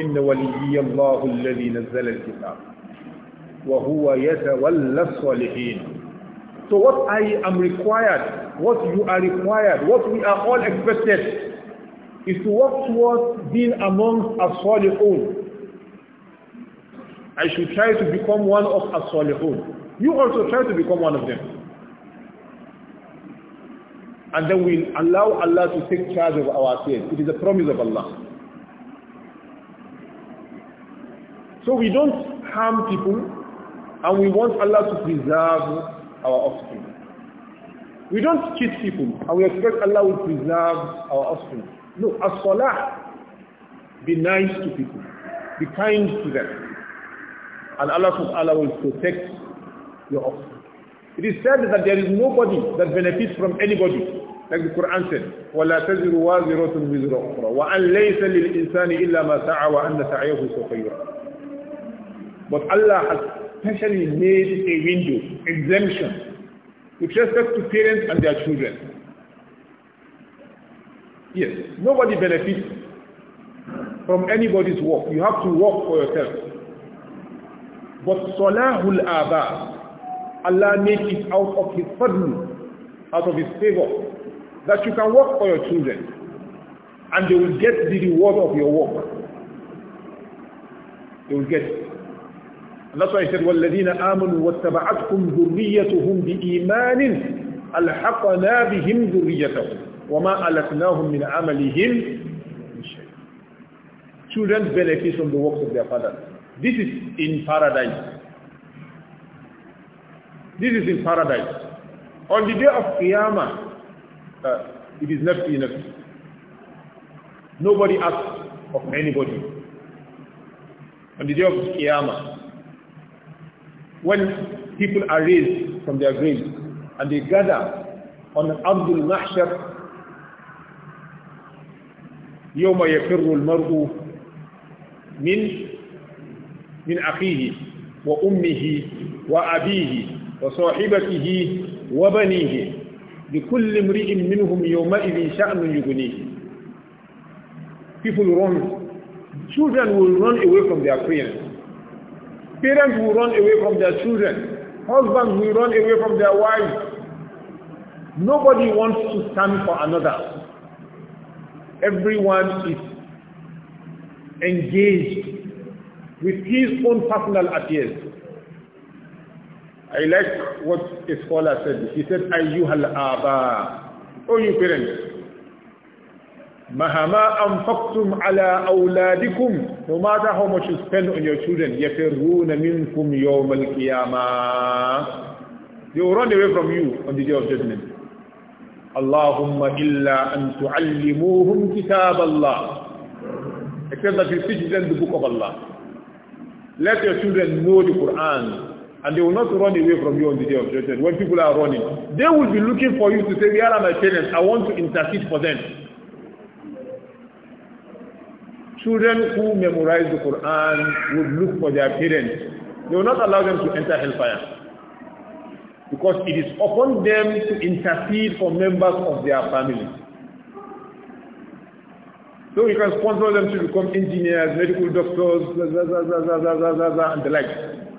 إن ولي الله الذي نزل الكتاب وهو يتولى الصالحين so what I am required, what you are required, what we are all expected is to work towards being amongst as-salihun. I should try to become one of as-salihun. You also try to become one of them. And then we will allow Allah to take charge of our sins. It is a promise of Allah. So we don't harm people and we want Allah to preserve our offspring. We don't cheat people and we expect Allah will preserve our offspring. No, as salah, be nice to people, be kind to them. And Allah subhanahu wa will protect your offspring. It is said that there is nobody that benefits from anybody. Like the Quran said, وَلَا تَزِرُ وَازِرَةٌ وِزْرَ أُخْرَى وَأَنْ لَيْسَ لِلْإِنسَانِ إِلَّا مَا سَعَى وَأَنَّ سَعْيَهُ سَوْفَ يُرَى But Allah has pension made a window, exemption, with respect to parents and their children. Yes, nobody benefits from anybody's work. You have to work for yourself. But Salahul Aba, Allah made it out of His fadl, out of His favor, that you can work for your children and they will get the reward of your work. They will get it. الله يقول والذين آمنوا واتبعتكم ذريتهم بإيمان ألحقنا بهم ذريتهم وما ألتناهم من عملهم Children benefit from the works of their fathers. This is in paradise. This is in paradise. On the day of Qiyamah, uh, it is nafsi nafsi. Nobody asks of anybody. On the day of Qiyamah, when people are raised from their graves and they gather on Abdul Mahshar يوم يفر المرء من من أخيه وأمه وأبيه وصاحبته وبنيه لكل امرئ منهم يومئذ شأن يغنيه People run, children will run away from their parents. Parents will run away from their children. Husbands will run away from their wives. Nobody wants to stand for another. Everyone is engaged with his own personal affairs. I like what a scholar said. He said, Ayyuhal aba. you parents. Mahama anfaqtum ala awladikum no matter how much you spend on your children, يَفِرُّونَ مِنْكُمْ يَوْمَ الْقِيَامَةِ They will run away from you on the day of judgment. Allahumma illa an tu'allimuhum kitab Allah. Except that you teach them the book of Allah. Let your children know the Quran and they will not run away from you on the day of judgment. When people are running, they will be looking for you to say, where are my parents? I want to intercede for them. Children who memorize the Quran would look for their parents. They will not allow them to enter hellfire. Because it is upon them to intercede for members of their family. So we can sponsor them to become engineers, medical doctors, and the like.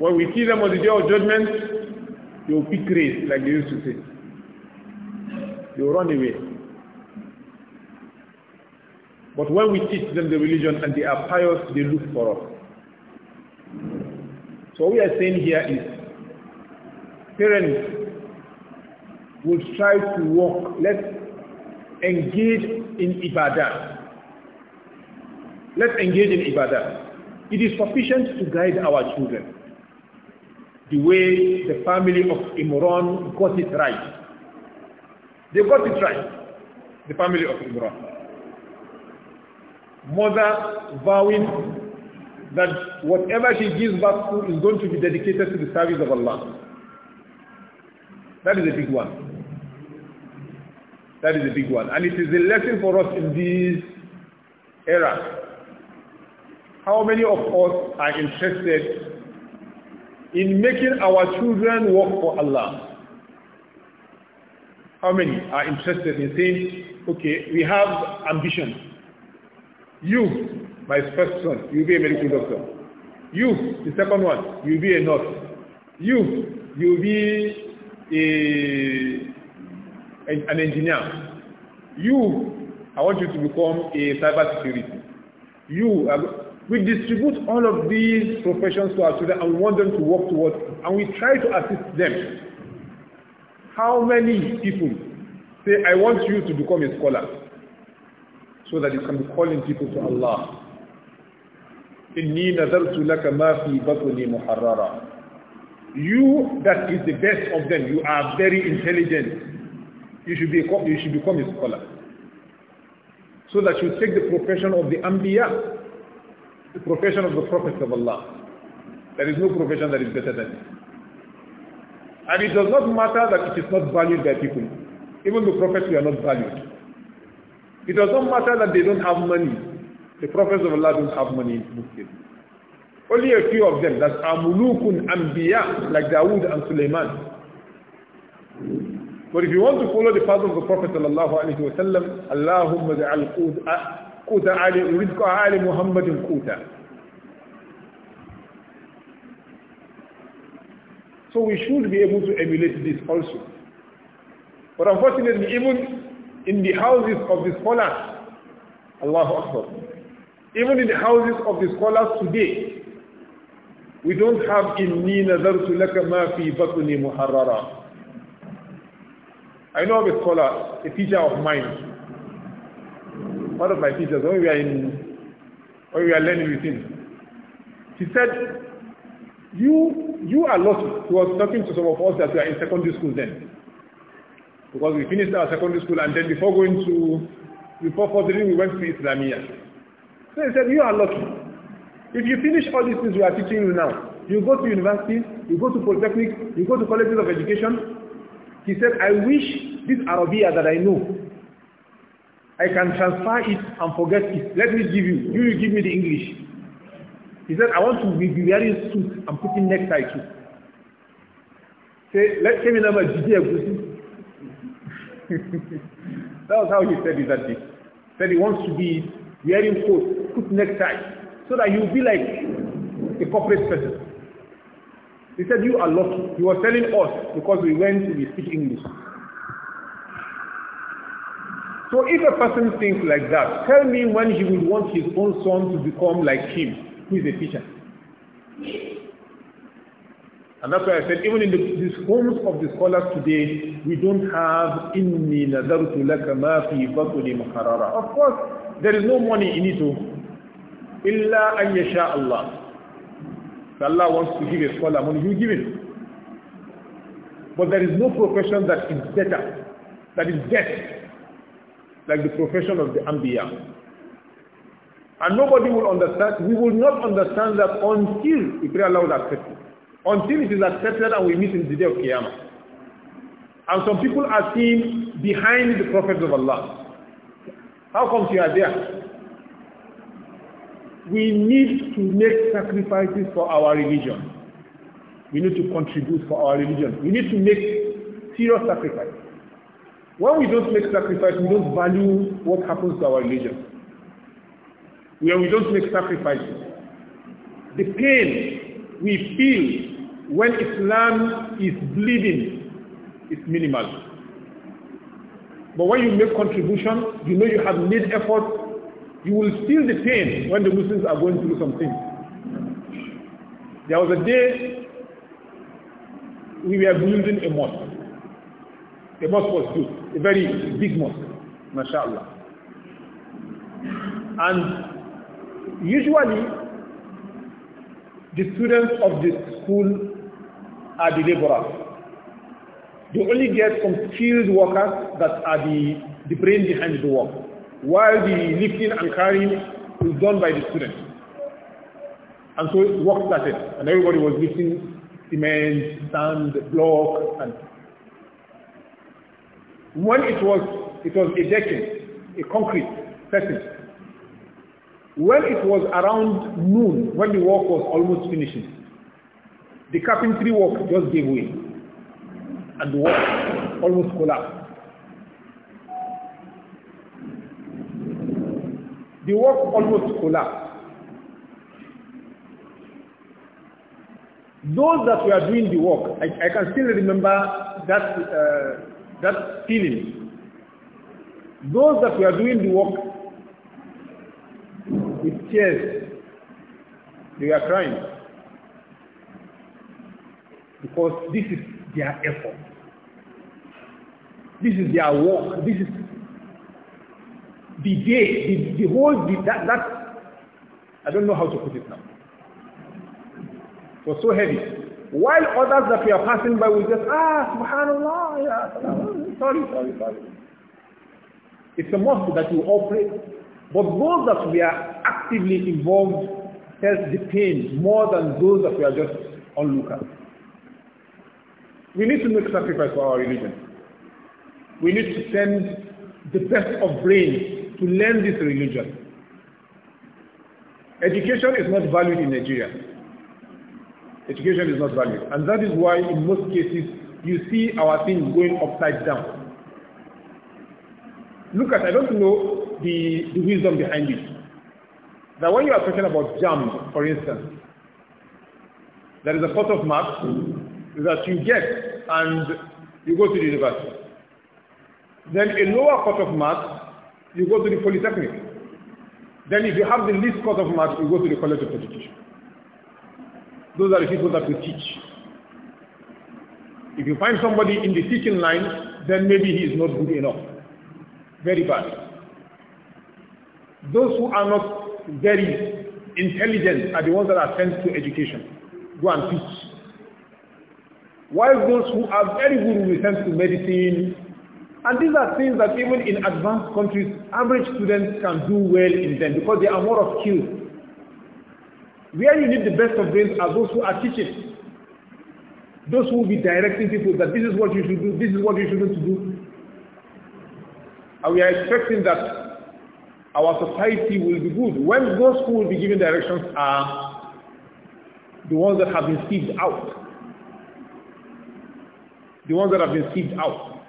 When we see them on the day of judgment, they will pick race, like they used to say. They will run away. But when we teach them the religion and they are pious, they look for us. So what we are saying here is, parents will try to work, let's engage in ibadah. Let's engage in ibadah. It is sufficient to guide our children. The way the family of Imran got it right. They got it right, the family of Imran mother vowing that whatever she gives back to is going to be dedicated to the service of Allah. That is a big one. That is a big one. And it is a lesson for us in this era. How many of us are interested in making our children work for Allah? How many are interested in saying, okay, we have ambitions. You, my first son, you be a medical doctor. You, the second one, you be a nurse. You, you be a, an engineer. You, I want you to become a cyber security. You, we distribute all of these professions to our children and we want them to work towards, and we try to assist them. How many people say, I want you to become a scholar? so that you can be calling people to Allah. You that is the best of them, you are very intelligent. You should, be, you should become a scholar. So that you take the profession of the Ambiya, the profession of the prophets of Allah. There is no profession that is better than it. And it does not matter that it is not valued by people. Even the prophets were not valued. It doesn't matter that they don't have money. The prophets of Allah don't have money in Muslims. Only a few of them, that's Amulukun ambiya like Dawood and Sulaiman. But if you want to follow the path of the Prophet sallallahu alaihi wasallam, Allahumma ja'al quta ali, rizqa ali Muhammadin quta. So we should be able to emulate this also. But unfortunately, even in the houses of the scholars. Allahu Akbar. Even in the houses of the scholars today, we don't have inni نَذَرْتُ لَكَ مَا فِي I know of a scholar, a teacher of mine, one of my teachers, when we were, in, when we are learning with him, he said, you, you are lost." He was talking to some of us that were in secondary school then. because we finished our secondary school and then before going to, before furthering, we went to Islamia. So he said, you are lucky. If you finish all these things we are teaching you now, you go to university, you go to polytechnic, you go to colleges of education. He said, I wish this Arabia that I know, I can transfer it and forget it. Let me give you. You will give me the English. He said, I want to be wearing suit and putting necktie too. Say, let's let me know my GD that was how he said it that day. Said he wants to be wearing coat, put necktie, so that you'll be like a corporate person. He said, you are lucky. He was telling us because we went, we speak English. So if a person thinks like that, tell me when he would want his own son to become like him, who is a teacher. And that's why I said, even in the, these homes of the scholars today, we don't have inni nadartu laka ma fi batni muharrara. Of course, there is no money in it. Oh. Illa an yasha Allah. If Allah wants to give a scholar money, you give it. But there is no profession that is better, that is best, like the profession of the ambiya. And nobody will understand, we will not understand that until if Allah will accept it. until it is accepted and we meet in the day of Qiyamah. And some people are seen behind the prophets of Allah. How come you are there? We need to make sacrifices for our religion. We need to contribute for our religion. We need to make serious sacrifice. When we don't make sacrifice, we don't value what happens to our religion. When we don't make sacrifices, the pain we feel when Islam is bleeding, it's minimal. But when you make contribution, you know you have made effort, you will feel the pain when the Muslims are going through something. There was a day we were building a mosque. The mosque was good, a very big mosque, mashallah. And usually the students of the school are the laborers. You only get some skilled workers that are the, the brain behind the work, while the lifting and carrying is done by the students. And so work started, and everybody was lifting cement, sand, block, and when it was it was a decking, a concrete setting. When it was around noon, when the work was almost finishing, the carpentry work just gave way. And the work almost collapsed. The work almost collapsed. Those that were doing the work, I, I can still remember that, uh, that feeling. Those that were doing the work with tears, they were crying because this is their effort. This is their work. This is the day, the, the whole, the, that, that, I don't know how to put it now. It was so heavy. While others that we are passing by will just, ah, subhanallah, yeah, sorry, sorry, sorry. It's a mosque that you operate. But those that we are actively involved felt the pain more than those that we are just onlookers. We need to make sacrifice for our religion. We need to send the best of brains to learn this religion. Education is not valued in Nigeria. Education is not valued. And that is why in most cases you see our things going upside down. Look at, I don't know the, the wisdom behind it. That when you are talking about jam, for instance, there is a sort of map that you get and you go to the university. Then a lower cut of math, you go to the polytechnic. Then if you have the least cut of math, you go to the college of education. Those are the people that will teach. If you find somebody in the teaching line, then maybe he is not good enough. Very bad. Those who are not very intelligent are the ones that are sent to education. Go and teach. While those who are very good with sense to medicine, and these are things that even in advanced countries, average students can do well in them because they are more of skill. Where you need the best of brains are those who are teaching. Those who will be directing people that this is what you should do, this is what you shouldn't do. And we are expecting that our society will be good. When those who will be giving directions are the ones that have been sieved out the ones that have been sieved out.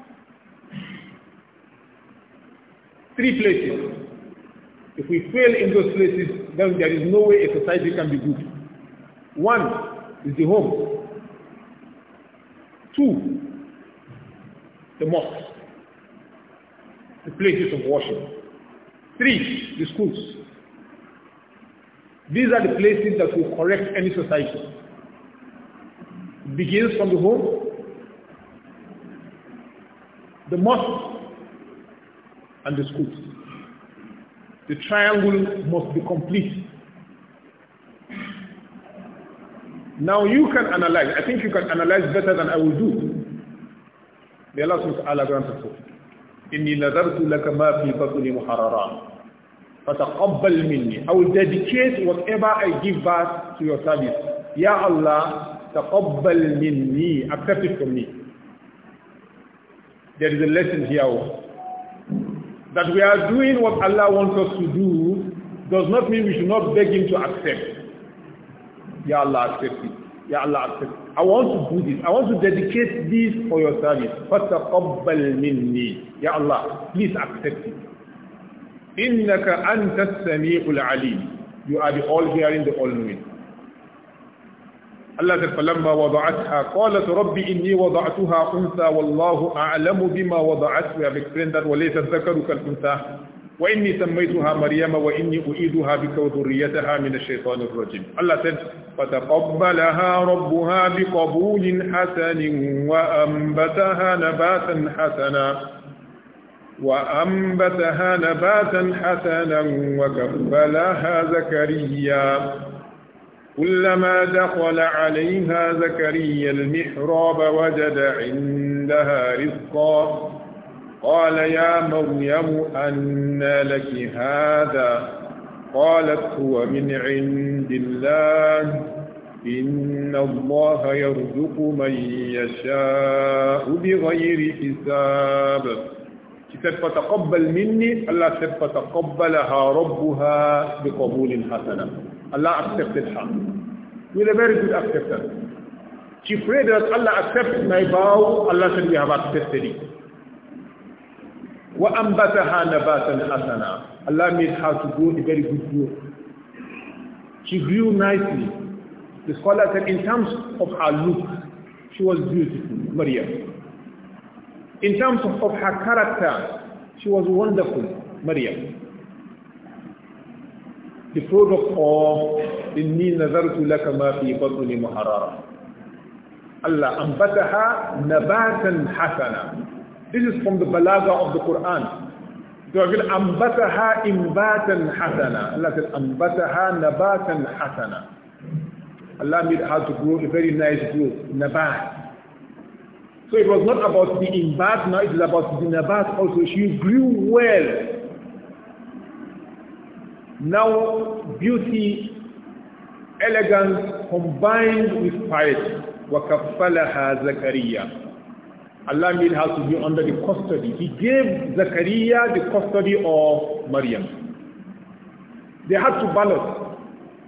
Three places. If we fail in those places, then there is no way a society can be good. One is the home. Two, the mosque, the places of worship. Three, the schools. These are the places that will correct any society. It begins from the home, the mosque and the schools. The triangle must be complete. Now you can analyze. I think you can analyze better than I will do. May Allah subhanahu wa ta'ala grant us إني نذرت لك ما في بطني محررا فتقبل مني I will dedicate whatever I give back to your service يا Allah تقبل مني accept it from me there is a lesson here. Oh. That we are doing what Allah wants us to do does not mean we should not beg Him to accept. Ya Allah, accept it. Ya Allah, accept it. I want to do this. I want to dedicate this for your service. فَتَقَبَّلْ مِنِّي Ya Allah, please accept it. إِنَّكَ أَنْتَ السَّمِيعُ الْعَلِيمُ You are the all-hearing, the all-knowing. الله فلما وضعتها قالت ربي إني وضعتها أنثى والله أعلم بما وضعت يا have explained وليس ذكرك كالأنثى وإني سميتها مريم وإني أعيدها بك وذريتها من الشيطان الرجيم الله said فتقبلها ربها بقبول حسن وأنبتها نباتا حسنا وأنبتها نباتا حسنا وكفلها زكريا كلما دخل عليها زكريا المحراب وجد عندها رزقا قال يا مريم أنى لك هذا قالت هو من عند الله إن الله يرزق من يشاء بغير حساب كتب فتقبل مني الله فتقبلها ربها بقبول حسنًا Allah accepted her with a very good acceptance. She prayed that Allah accept my vow. Allah said, we have accepted it. وَأَنْبَتَهَا نَبَاتًا حَسَنًا Allah made her to grow a very good growth. She grew nicely. The scholar said, in terms of her look, she was beautiful, Maria. In terms of, of her character, she was wonderful, Maryam the product of inni nazartu laka ma fi batni muharrara Allah ambataha nabatan hasana this is from the balaga of the Quran so again ambataha imbatan hasana Allah said ambataha nabatan hasana Allah made her to grow a very nice growth nabat so it was not about the imbat now it is about the nabat also she grew well now, beauty, elegance combined with piety. وَكَفَّلَهَا زَكَرِيَّا Allah made her to be under the custody. He gave Zakaria the custody of Maryam. They had to balance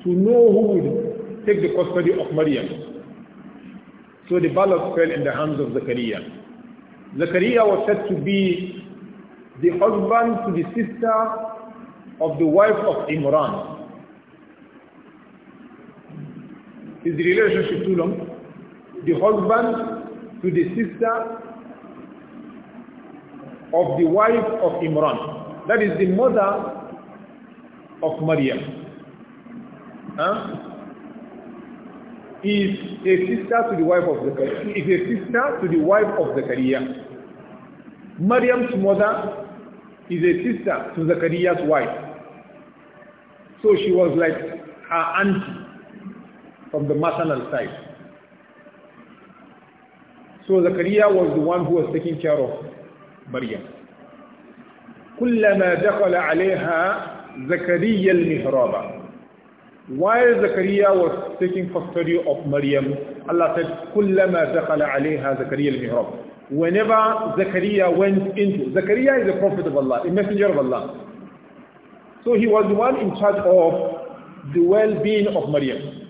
to know who would take the custody of Maryam. So the ballot fell in the hands of Zakaria. Zakaria was said to be the husband to the sister of the wife of Imran. Is the relationship too long? The husband to the sister of the wife of Imran. That is the mother of Maryam. Huh? Is a sister to the wife of Zechariah. Is a sister to the wife of Zakaria. Maryam's mother is a sister to Zakaria's wife. So she was like her auntie from the maternal side. So Zakaria was the one who was taking care of Maryam. كلما دخل عليها زكريا المهراب While Zakaria was taking custody of Maryam, Allah said, كلما دخل عليها زكريا المهراب Whenever Zakaria went into, Zakaria is a prophet of Allah, a messenger of Allah. So he was the one in charge of the well-being of Maryam.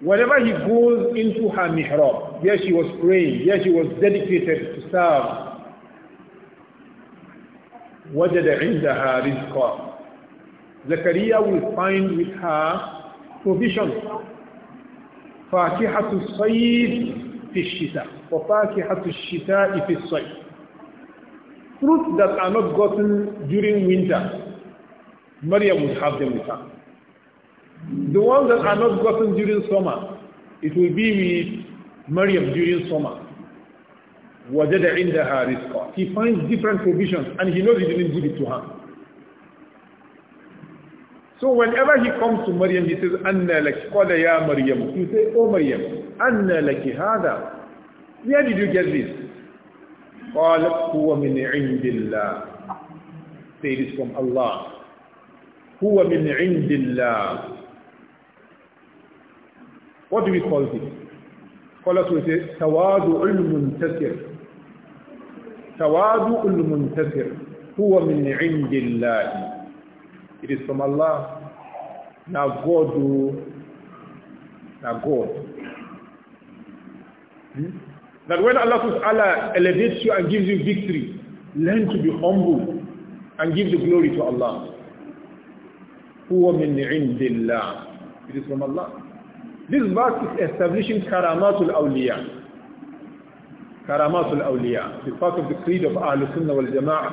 Whenever he goes into her mihrab, there she was praying, there she was dedicated to serve. وَجَدَ عِنْدَهَا رِزْقًا Zakaria will find with her provision. فَاكِحَةُ الصَّيِّدِ فِي الشِّتَاءِ وَفَاكِحَةُ الشِّتَاءِ فِي الصَّيِّدِ Fruits that are not gotten during winter Maryam would have them with her. The ones that are not gotten during summer, it will be with Maryam during summer. وَجَدَ عِنْدَهَا رِزْقًا He finds different provisions and he knows he didn't give it to her. So whenever he comes to Maryam, he says, أَنَّا لَكِ قَالَ يَا مَرْيَمُ He says, Oh Maryam, أَنَّا لَكِ هَذَا Where did you get this? قَالَتْ هُوَ مِنْ عِنْدِ اللَّهِ Say this from Allah huwa min indillah. What do we call this? Scholars will say tawadu'ul muntasir. Tawadu'ul muntasir huwa min indillah. It is from Allah. Naqodu, God will oh. God. Hmm? That when Allah subhanahu elevates you and gives you victory, learn to be humble and give the glory to Allah. هو من عند الله. It from Allah. This verse is establishing كرامات الأولياء كرامات الأولياء It's part of the creed of Ahlul Sunnah والجماعة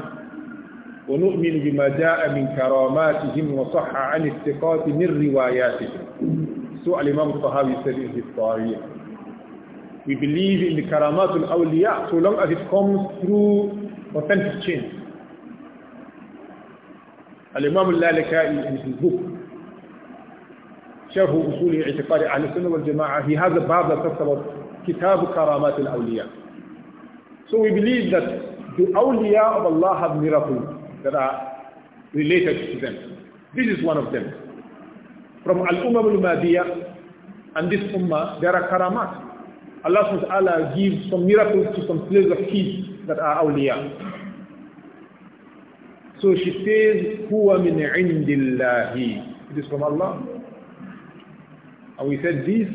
ونؤمن بما جاء من كراماتهم وصح عن الثقات من رواياتهم سوء الإمام الطهاوي said in his Tariq we believe in the كرامات الأولياء so long as it comes through authentic chains الإمام اللالكائي في his book شرح أصول اعتقاد أهل السنة والجماعة he has a bab that talks about كتاب كرامات الأولياء so we believe that the awliya of Allah have miracles that are related to them this is one of them from Al-Umam al madiya and this Ummah there are karamat Allah subhanahu wa ta'ala gives some miracles to some slaves of his that are awliya So she says, Huwa min indillahi. It is from Allah. And we said this,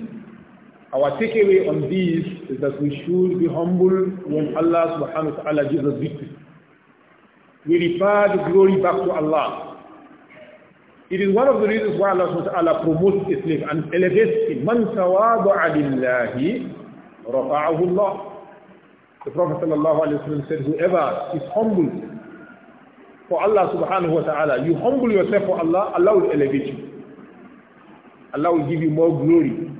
our takeaway on this is that we should be humble when Allah subhanahu wa ta'ala gives us victory. We refer the glory back to Allah. It is one of the reasons why Allah subhanahu wa ta'ala promotes Islam and elevates him. Man tawadu'a lillahi rafa'ahu Allah. The Prophet sallallahu alayhi wa sallam said, whoever is humble for Allah subhanahu wa ta'ala. You humble yourself for Allah, Allah will elevate you. Allah will give you more glory.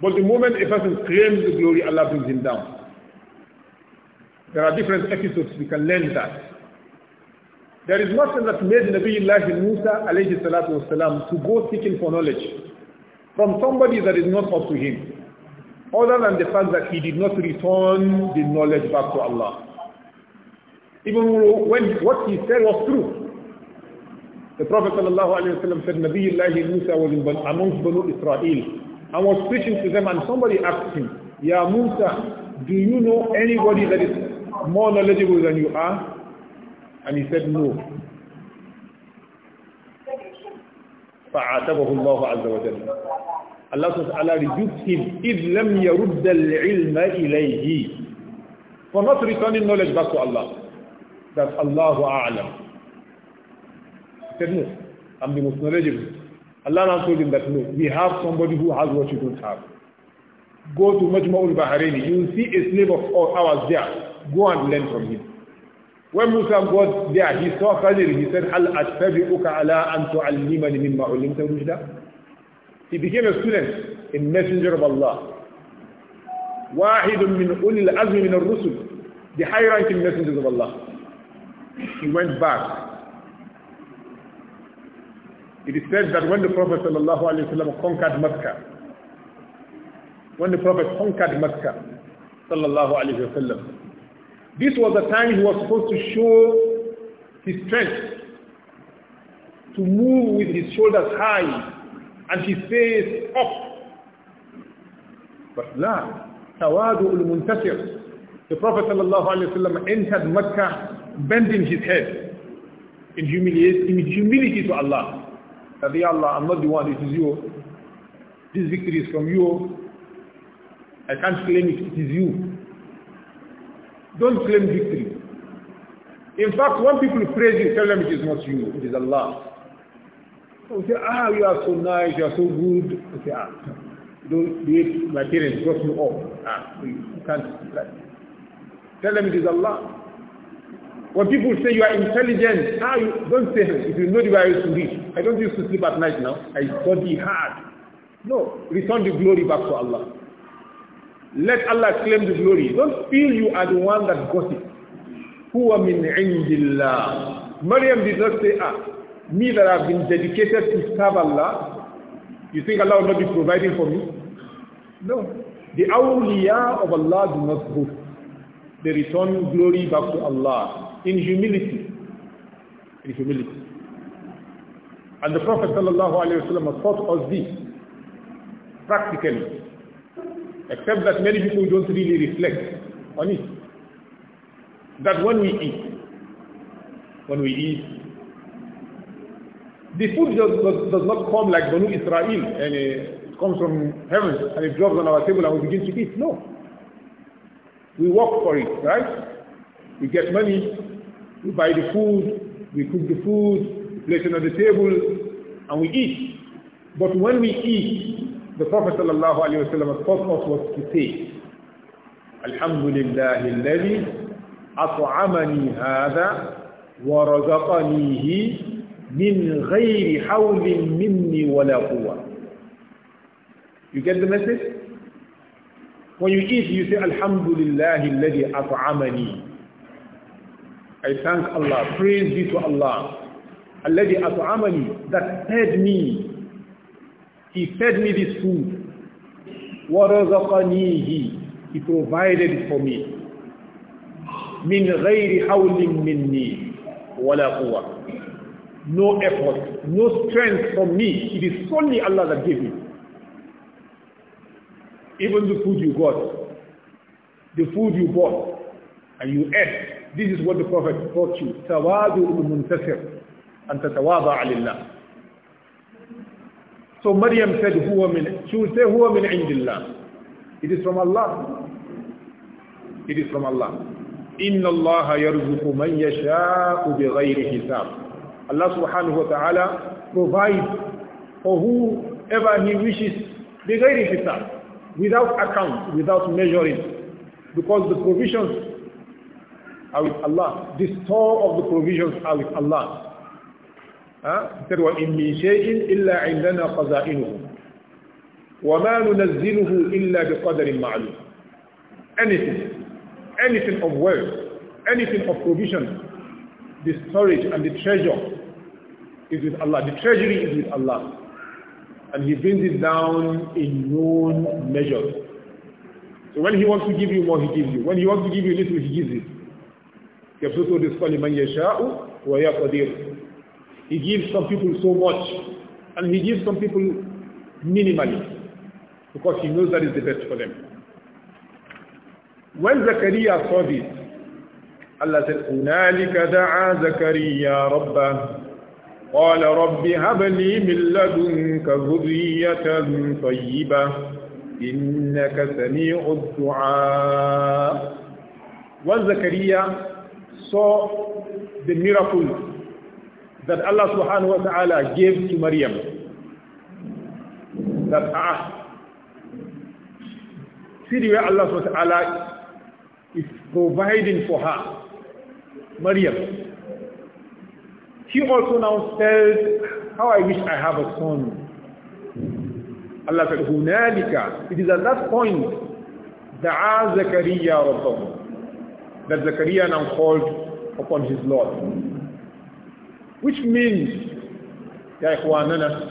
But the moment a person claims the glory, Allah brings him down. There are different episodes we can learn that. There is nothing that made Nabiullah Musa alayhi salatu wasalam to go seeking for knowledge from somebody that is not up to him, other than the fact that he did not return the knowledge back to Allah even when what he said was true. The Prophet ﷺ said, Nabiullahi Musa was among amongst Banu Israel and was preaching to them and somebody asked him, Ya Musa, do you know anybody that is more knowledgeable than you are? And he said, no. فعاتبه الله عز وجل Allah says Allah him إذ لم يرد العلم إليه for not returning knowledge back to Allah that Allahu A'lam. He said, no, I'm the most knowledgeable. Allah now told him that, no, we have somebody who has what you don't have. Go to Majma'ul Bahraini. You will see a slave of ours there. Go and learn from him. When Musa got there, he saw Khadir. He said, Hal attabi'uka ala an tu'allimani mimma ulimta rushda. He became a student, a messenger of Allah. واحد من أولي العزم من الرسل the high ranking messengers of Allah he went back. It is said that when the Prophet ﷺ conquered Mecca, when the Prophet conquered Mecca, ﷺ, this was the time he was supposed to show his strength, to move with his shoulders high and his face up. But la, tawadu al-muntasir. The Prophet ﷺ entered Mecca bending his head in humility, in humility to Allah. That, Ya Allah, I'm not the one, it is you. This victory is from you. I can't claim it, it is you. Don't claim victory. In fact, when people praise you, tell them it is not you, it is Allah. So we say, ah, you are so nice, you are so good. We say, ah, don't be my parents brought you off. Ah, you can't. Tell them it is Allah. When people say you are intelligent, ah, you, don't say, if you know the way to read. I don't used to sleep at night now. I study hard. No, return the glory back to Allah. Let Allah claim the glory. Don't feel you are the one that got it. Huwa min indillah. Maryam did not say, ah, me that I've been dedicated to serve Allah, you think Allah will not be providing for me? No. The awliya of Allah do not go. They return glory back to Allah in humility. In humility. And the Prophet ﷺ has taught us this practically. Except that many people don't really reflect on it. That when we eat, when we eat, the food does, does, does not come like Banu Israel and uh, it comes from heaven and it drops on our table and we begin to eat. No. We work for it, right? We get money, we buy the food, we cook the food, we place it on the table, and we eat. But when we eat, the Prophet ﷺ taught us what to say. "Alhamdulillahi لله الذي أطعمني هذا ورزقنيه من غير حول مني ولا قوة. You get the message? When you eat, you say "Alhamdulillahi لله الذي I thank Allah. Praise be to Allah. Alladhi at'amani, that fed me. He fed me this food. وَرَزَقَنِيهِ He provided for me. مِنْ غَيْرِ حَوْلٍ مِنِّي wala قُوَةٍ No effort, no strength from me. It is only Allah that gave me. Even the food you got, the food you bought, and you ate, this is what the Prophet taught you. Tawadu'ul muntasir. And tatawadu'a lillah. So Maryam said, huwa min, she will say, huwa min indillah. It is from Allah. It is from Allah. Inna Allah yarzuqu man yasha'u bighayri hisab. Allah subhanahu wa ta'ala provides for whoever he wishes bighayri hisab. Without account, without measuring. Because the provisions are with Allah. The store of the provisions are with Allah. He said, in مِّن شَيْءٍ إِلَّا عِندَنَا خَزَائِنُهُ وَمَا نُنَزِّلُهُ Anything, anything of wealth, anything of provision, the storage and the treasure is with Allah. The treasury is with Allah. And He brings it down in known measures. So when He wants to give you more, He gives you. When He wants to give you little, He gives it. يبسط rizqa liman يشاء wa He gives some people so much and he gives some people minimally because he knows that is the best for them. When Zakaria saw this, Allah said, هُنَالِكَ دَعَا زَكَرِيَّا رَبَّهُ قال رب هب لي من لدنك ذرية طيبة إنك سميع الدعاء وزكريا saw the miracle that Allah subhanahu wa ta'ala gave to Maryam. That, ah, see the way Allah subhanahu wa ta'ala is providing for her, Maryam. She also now says, how I wish I have a son. Allah said, Hunalika. It is at that point, دعا زكريا ربه. That Zakaria now called upon his Lord. Which means, Ya Ikhwanana,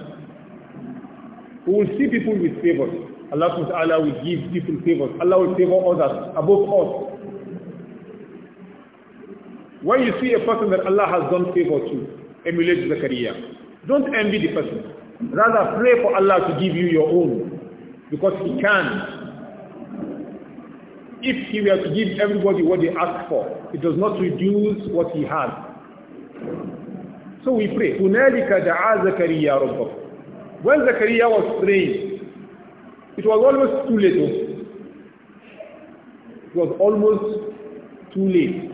we will see people with favors. Allah subhanahu ta'ala will give people favors. Allah will favor others above us. When you see a person that Allah has done favor to, emulate Zakaria. Don't envy the person. Rather pray for Allah to give you your own. Because he can. if he were to give everybody what they ask for, it does not reduce what he has. So we pray. When Zakaria was praying, it was almost too late. Oh. It was almost too late.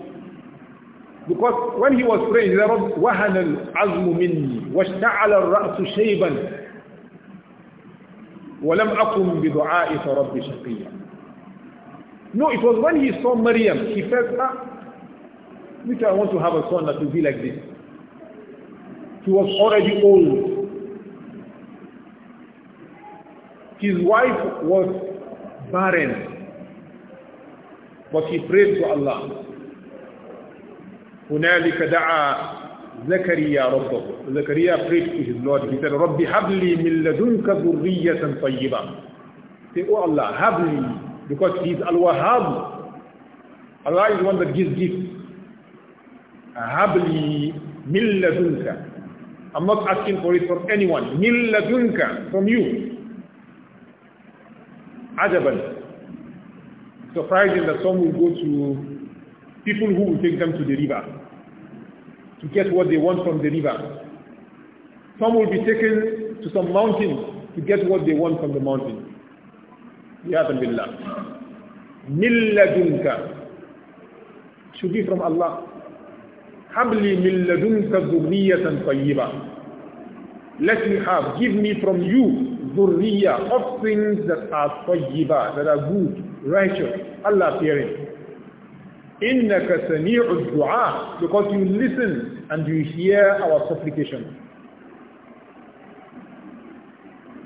Because when he was praying, he said, وَهَنَ الْعَزْمُ مِنِّي وَاشْتَعَلَ الرَّأْسُ شَيْبًا وَلَمْ أَكُمْ بِدُعَاءِ شَقِيًّا no, it was when he saw Maryam, he felt, ah, which I want to have a son that will be like this. He was already old. His wife was barren. But he prayed to Allah. هنالك دعا زكريا ربه زكريا prayed to his Lord he said ربي هب لي من لدنك ذرية طيبة say oh Allah هب لي because He is Al-Wahhab. Allah is the one that gives gifts. Habli milladunka. I'm not asking for it from anyone. Milladunka, from you. Ajaban. Surprising that some will go to people who will take them to the river to get what they want from the river. Some will be taken to some mountain to get what they want from the mountain. ياتم بالله من لدنك should be from Allah habli min ذرية طيبة let me have give me from you ذرية of things that are طيبة that are good righteous Allah fearing إنك سميع الدعاء because you listen and you hear our supplications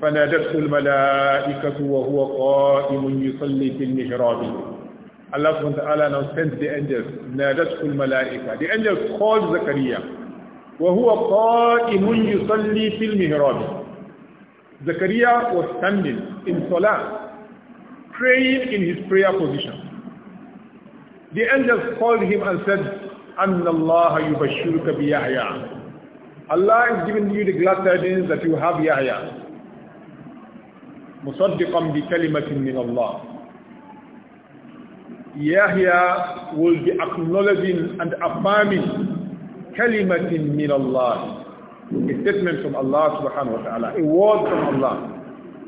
فنادته الملائكة وهو قائم يصلي في المحراب Allah subhanahu wa now sends the angels نادته الملائكة the angels called Zakaria وهو قائم يصلي في المحراب Zakaria was standing in salah praying in his prayer position the angels called him and said أن الله يبشرك بيحيى Allah is giving you the glad tidings that you have Yahya مصدقا بكلمة من الله Yahya will be acknowledging and affirming kalimatin min Allah a statement from Allah subhanahu wa ta'ala a word from Allah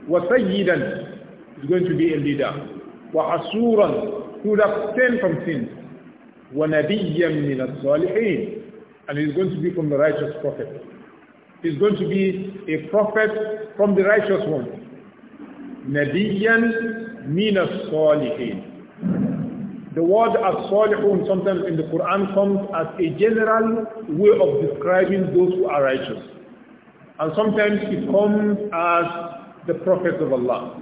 wa is going to be a leader wa asuran who will abstain from sins wa nabiyyan min as-salihin and he's going to be from the righteous prophet he's going to be a prophet from the righteous ones Nabiyan min as The word as-salihun sometimes in the Quran comes as a general way of describing those who are righteous. And sometimes it comes as the prophets of Allah.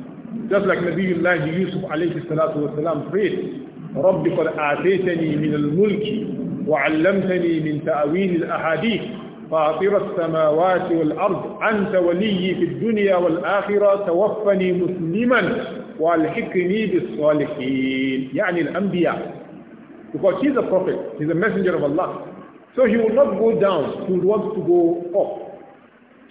Just like Nabiullah Yusuf alayhi salatu wasalam prayed, رَبِّ قَدْ آتَيْتَنِي مِنَ الْمُلْكِ وَعَلَّمْتَنِي مِنْ تَأْوِيلِ الْأَحَادِيثِ فاطر السماوات والأرض أنت ولي في الدنيا والآخرة توفني مسلما والحكني بالصالحين يعني الأنبياء because he's a prophet he's a messenger of Allah so he will not go down he will want to go up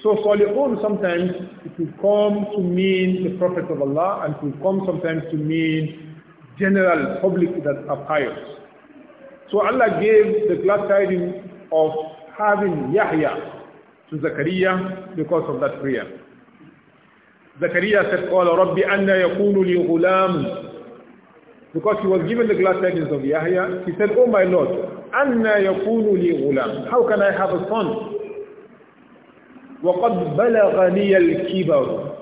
so salihun sometimes it will come to mean the prophet of Allah and it will come sometimes to mean general public that are pious so Allah gave the glad tidings of having Yahya to Zakaria because of that prayer. Zakaria said, قال Rabbi anna يكون لي غلام Because he was given the glass tidings of Yahya, he said, Oh my Lord, anna يكون لي غلام How can I have a son? وقد بلغني الكبر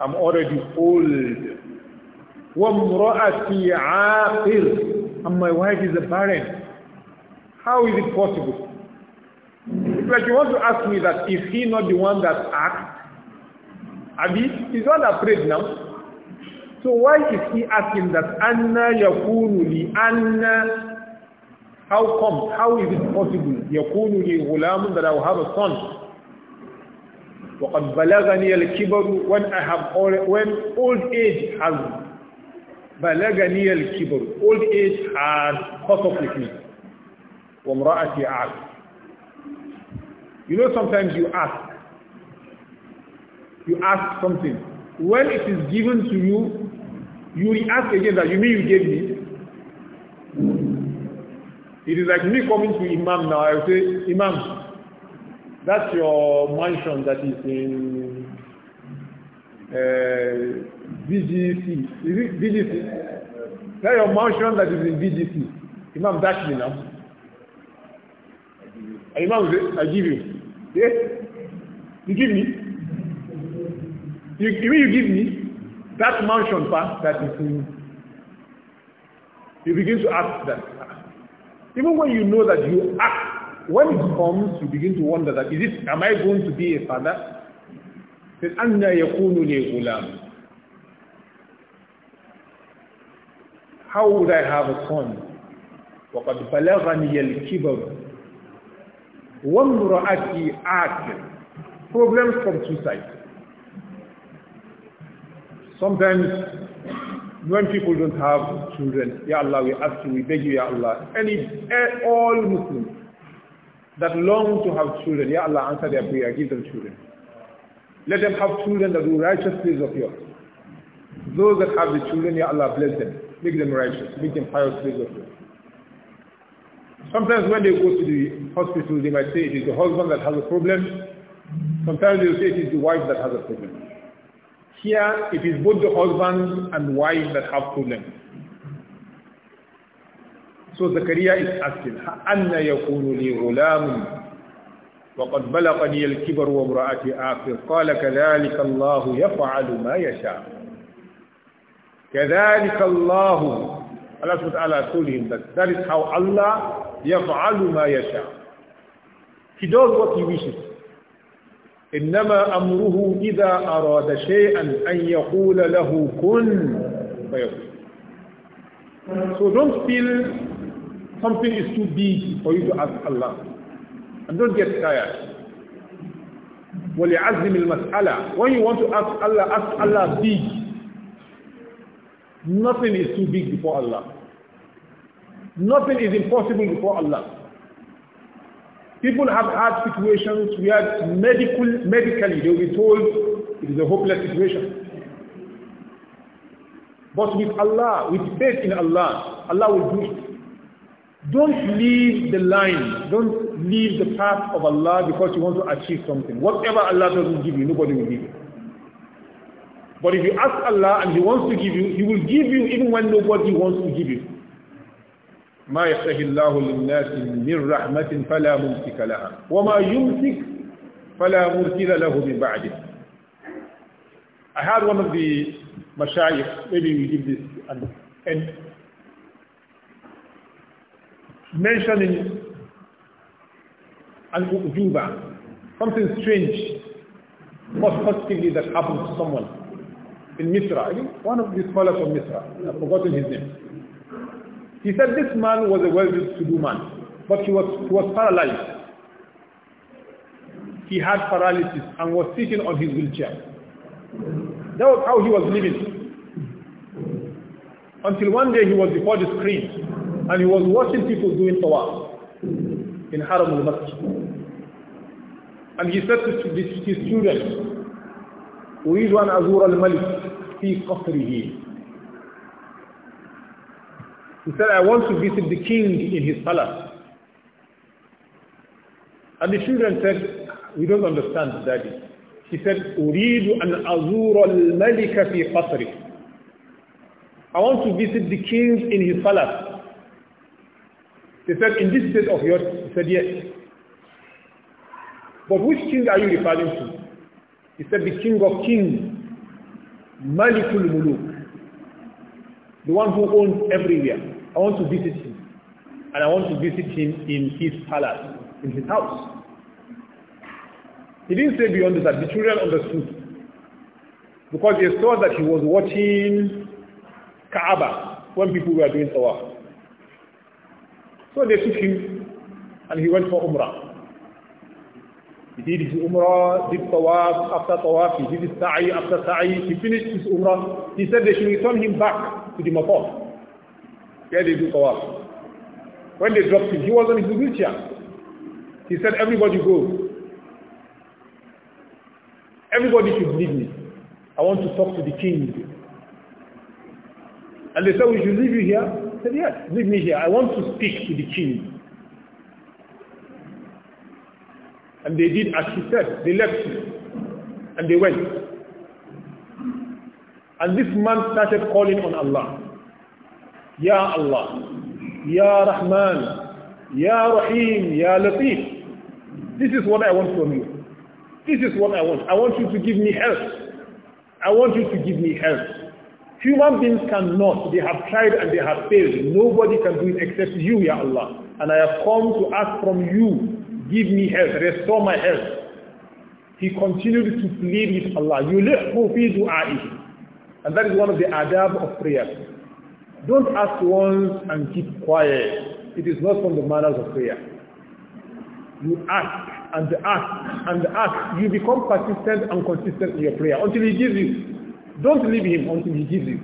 I'm already old وامرأتي عاقر and my wife is a barren. How is it possible? like you want to ask me that is he not the one that asked? Abi, he's not prayed now. So why is he asking that Anna yakunu li Anna? How come? How is it possible? Yakunu li ghulamun that I will have a son. وقد بلغني الكبر when I have old, when old age has بلغني الكبر old age has caught up with me وامرأتي أعلم You know, sometimes you ask. You ask something. When it is given to you, you ask again that you mean you gave me. It is like me coming to Imam now. I say, Imam, that's your mansion that is in uh, VGC. Is it VGC? That's your mansion that is in VGC. Imam, that's me now. Imam, I give you. Yes. Eh? You give me. You, even you give me, that mansion part that is in you. begin to ask that. Even when you know that you ask, when it comes, you begin to wonder that, is it, am I going to be a father? How would I have a son? وَقَدْ بَلَغَنِيَ الْكِبَرُ One mura'ati akin. Problems from two sides. Sometimes when people don't have children, Ya Allah, we ask you, we beg you, Ya Allah. Any, eh, all Muslims that long to have children, Ya Allah, answer their prayer, give them children. Let them have children that do righteous things of yours. Those that have the children, Ya Allah, bless them. Make them righteous. Make them pious slaves of yours. Sometimes when they go to the hospital, they might say it is the husband that has a problem. Sometimes they will say it is the wife that has a problem. Here, it is both the husband and wife that have problems. So Zakaria is asking, أَنَّ يَكُونُ لِي غُلَامٌ وقد بلغني الكبر وامرأتي آخر قال كذلك الله يفعل ما يشاء كذلك الله Allah subhanahu wa ta'ala told him that that is how Allah يفعل ما يشاء He does what he wishes إنما أمره إذا أراد شيئا أن يقول له كن فيكون So don't feel something is too big for you to ask Allah. And don't get tired. ولعزم المسألة When you want to ask Allah, ask Allah big. Nothing is too big before Allah. Nothing is impossible before Allah. People have had situations where medical, medically they will be told it is a hopeless situation. But with Allah, with faith in Allah, Allah will do it. Don't leave the line. Don't leave the path of Allah because you want to achieve something. Whatever Allah doesn't give you, nobody will give you. But if you ask Allah and He wants to give you, He will give you even when nobody wants to give you. ما يشتهي الله للناس من رحمة فلا ممسك لها وما يمسك فلا مرسل له من بعده I had one of the mashayikh, maybe we give this an end, mentioning an ujuba something strange, most positively that happened to someone in Misra. I one of the scholars of Misra, I've forgotten his name. He said this man was a well-to-do man, but he was, he was paralyzed. He had paralysis and was sitting on his wheelchair. That was how he was living. Until one day he was before the screen and he was watching people doing tawaf in Haram al-Masjid. And he said to his students, أريد أن أزور الملك في قصره he said, I want to visit the king in his palace. And the children said, we don't understand, daddy. He said, أريد أن أزور الملك في قصره. I want to visit the king in his palace. He said, in this state of yours? He said, yes. But which king are you referring to? He said, the king of kings, Malikul Muluk, the one who owns everywhere. I want to visit him. And I want to visit him in his palace, in his house. He didn't say beyond that. The children understood. Because they saw that he was watching Kaaba when people were doing Tawaf. So they took him and he went for Umrah. He did his Umrah, did Tawaf, after Tawaf, he did his Sa'i, after Sa'i, he finished his Umrah. He said they should return him back to the Maqam where they do tawaf. When they dropped him, he was on his wheelchair. He said, everybody go. Everybody should leave me. I want to talk to the king. And they said, we should leave you here. He said, yes, leave me here. I want to speak to the king. And they did as he said. They left him. And they went. And this man started calling on Allah. Ya Allah, Ya Rahman, Ya Rahim, Ya Latif. This is what I want from you. This is what I want. I want you to give me help. I want you to give me help. Human beings cannot. They have tried and they have failed. Nobody can do it except you, Ya Allah. And I have come to ask from you, give me help, restore my health. He continued to plead with Allah. You live fulfill du'a'i. And that is one of the adab of prayer. Don't ask once and keep quiet. It is not from the manners of prayer. You ask and ask and ask. You become persistent and consistent in your prayer until he gives you. Don't leave him until he gives you.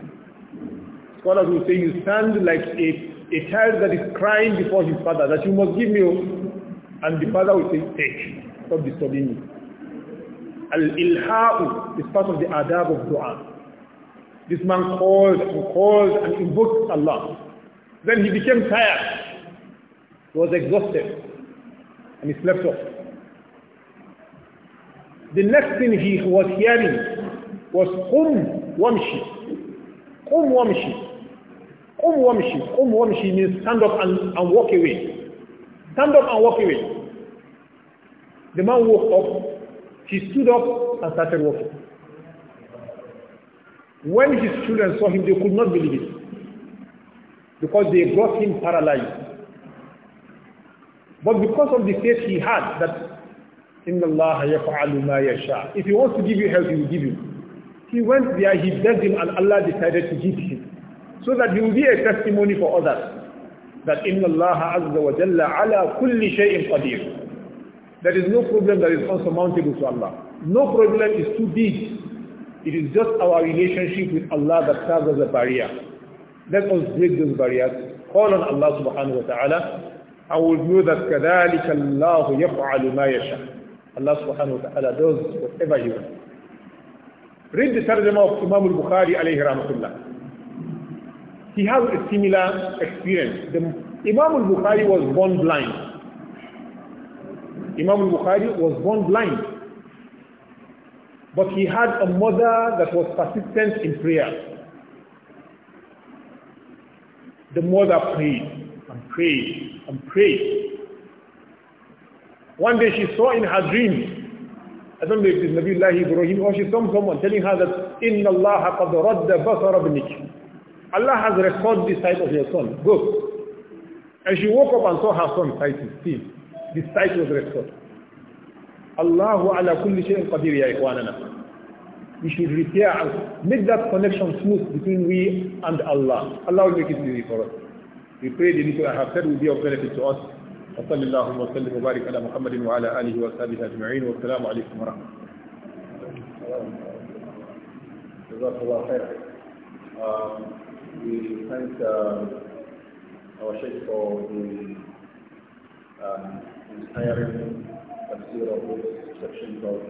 Scholars will say you stand like a, a child that is crying before his father that you must give me. And the father will say, take. Stop disturbing me. Al-ilha'u is part of the adab of dua. This man called and called and invoked Allah. Then he became tired. He was exhausted. And he slept off. The next thing he was hearing was Qum Wamshi. Qum Wamshi. Qum Wamshi. Qum Wamshi means stand up and, and walk away. Stand up and walk away. The man woke up. He stood up and started walking. When his children saw him, they could not believe it because they brought him paralyzed. But because of the faith he had that Inna Allah yaf'alu ma yasha. If he wants to give you help, he will give you. He went there, he begged him, and Allah decided to give him. So that he will be a testimony for others. That Inna Allah azza wa jalla ala kulli shay'in qadir. There is no problem that is unsurmountable to Allah. No problem is too big it is just our relationship with Allah that serves as a barrier. Let us break those barriers. Call on Allah subhanahu wa ta'ala. I will know that كَذَلِكَ اللَّهُ يَفْعَلُ مَا يَشَاءُ Allah subhanahu wa ta'ala does whatever He wants. Read the Tarjama of Imam al-Bukhari alayhi rahmatullah. He has a similar experience. The Imam al-Bukhari was born blind. Imam al-Bukhari was born blind. But he had a mother that was persistent in prayer. The mother prayed and prayed and prayed. One day she saw in her dream, I don't know if it's Nabiullah Ibrahim or she saw someone telling her that, *Inna Allah قَدْ رَدَّ بَصَرَ Allah has restored the sight of your son. Go. And she woke up and saw her son fighting. See, the sight was restored. Allahu ala kulli shay'in qadir ya ikhwanana. We should repair and make that connection smooth between we and Allah. Allah will make it easy for us. We pray the little I have said will be of benefit to us. وصلى الله وسلم وبارك على محمد وعلى آله وصحبه أجمعين والسلام عليكم ورحمة الله جزاك الله خير We thank uh, our Sheikh for the um, inspiring تفسير sections of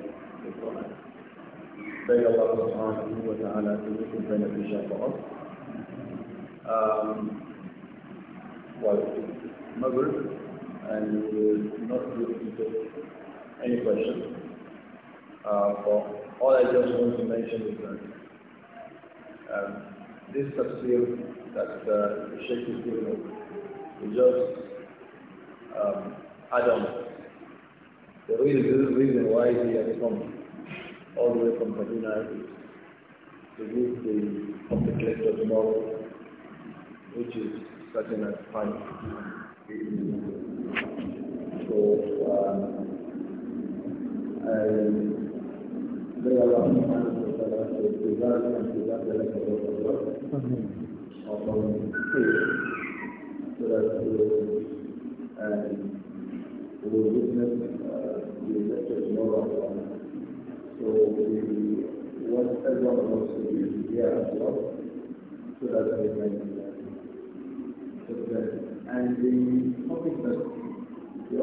the Quran. May Allah subhanahu wa ta'ala to make it beneficial and we will not be able any questions. Uh, for all I just want to mention is that um, this tafsir that uh, Sheikh is giving is just um, add-on the real reason why he has come all the way from Kaduna is to use the public lecture tomorrow, which is starting at 5 So, um, I pray Allah subhanahu wa ta'ala to preserve and to the life of our Lord, mm-hmm. of our faith, so that we and will witness the So we want everyone to be here as well, so that we can. And the topic that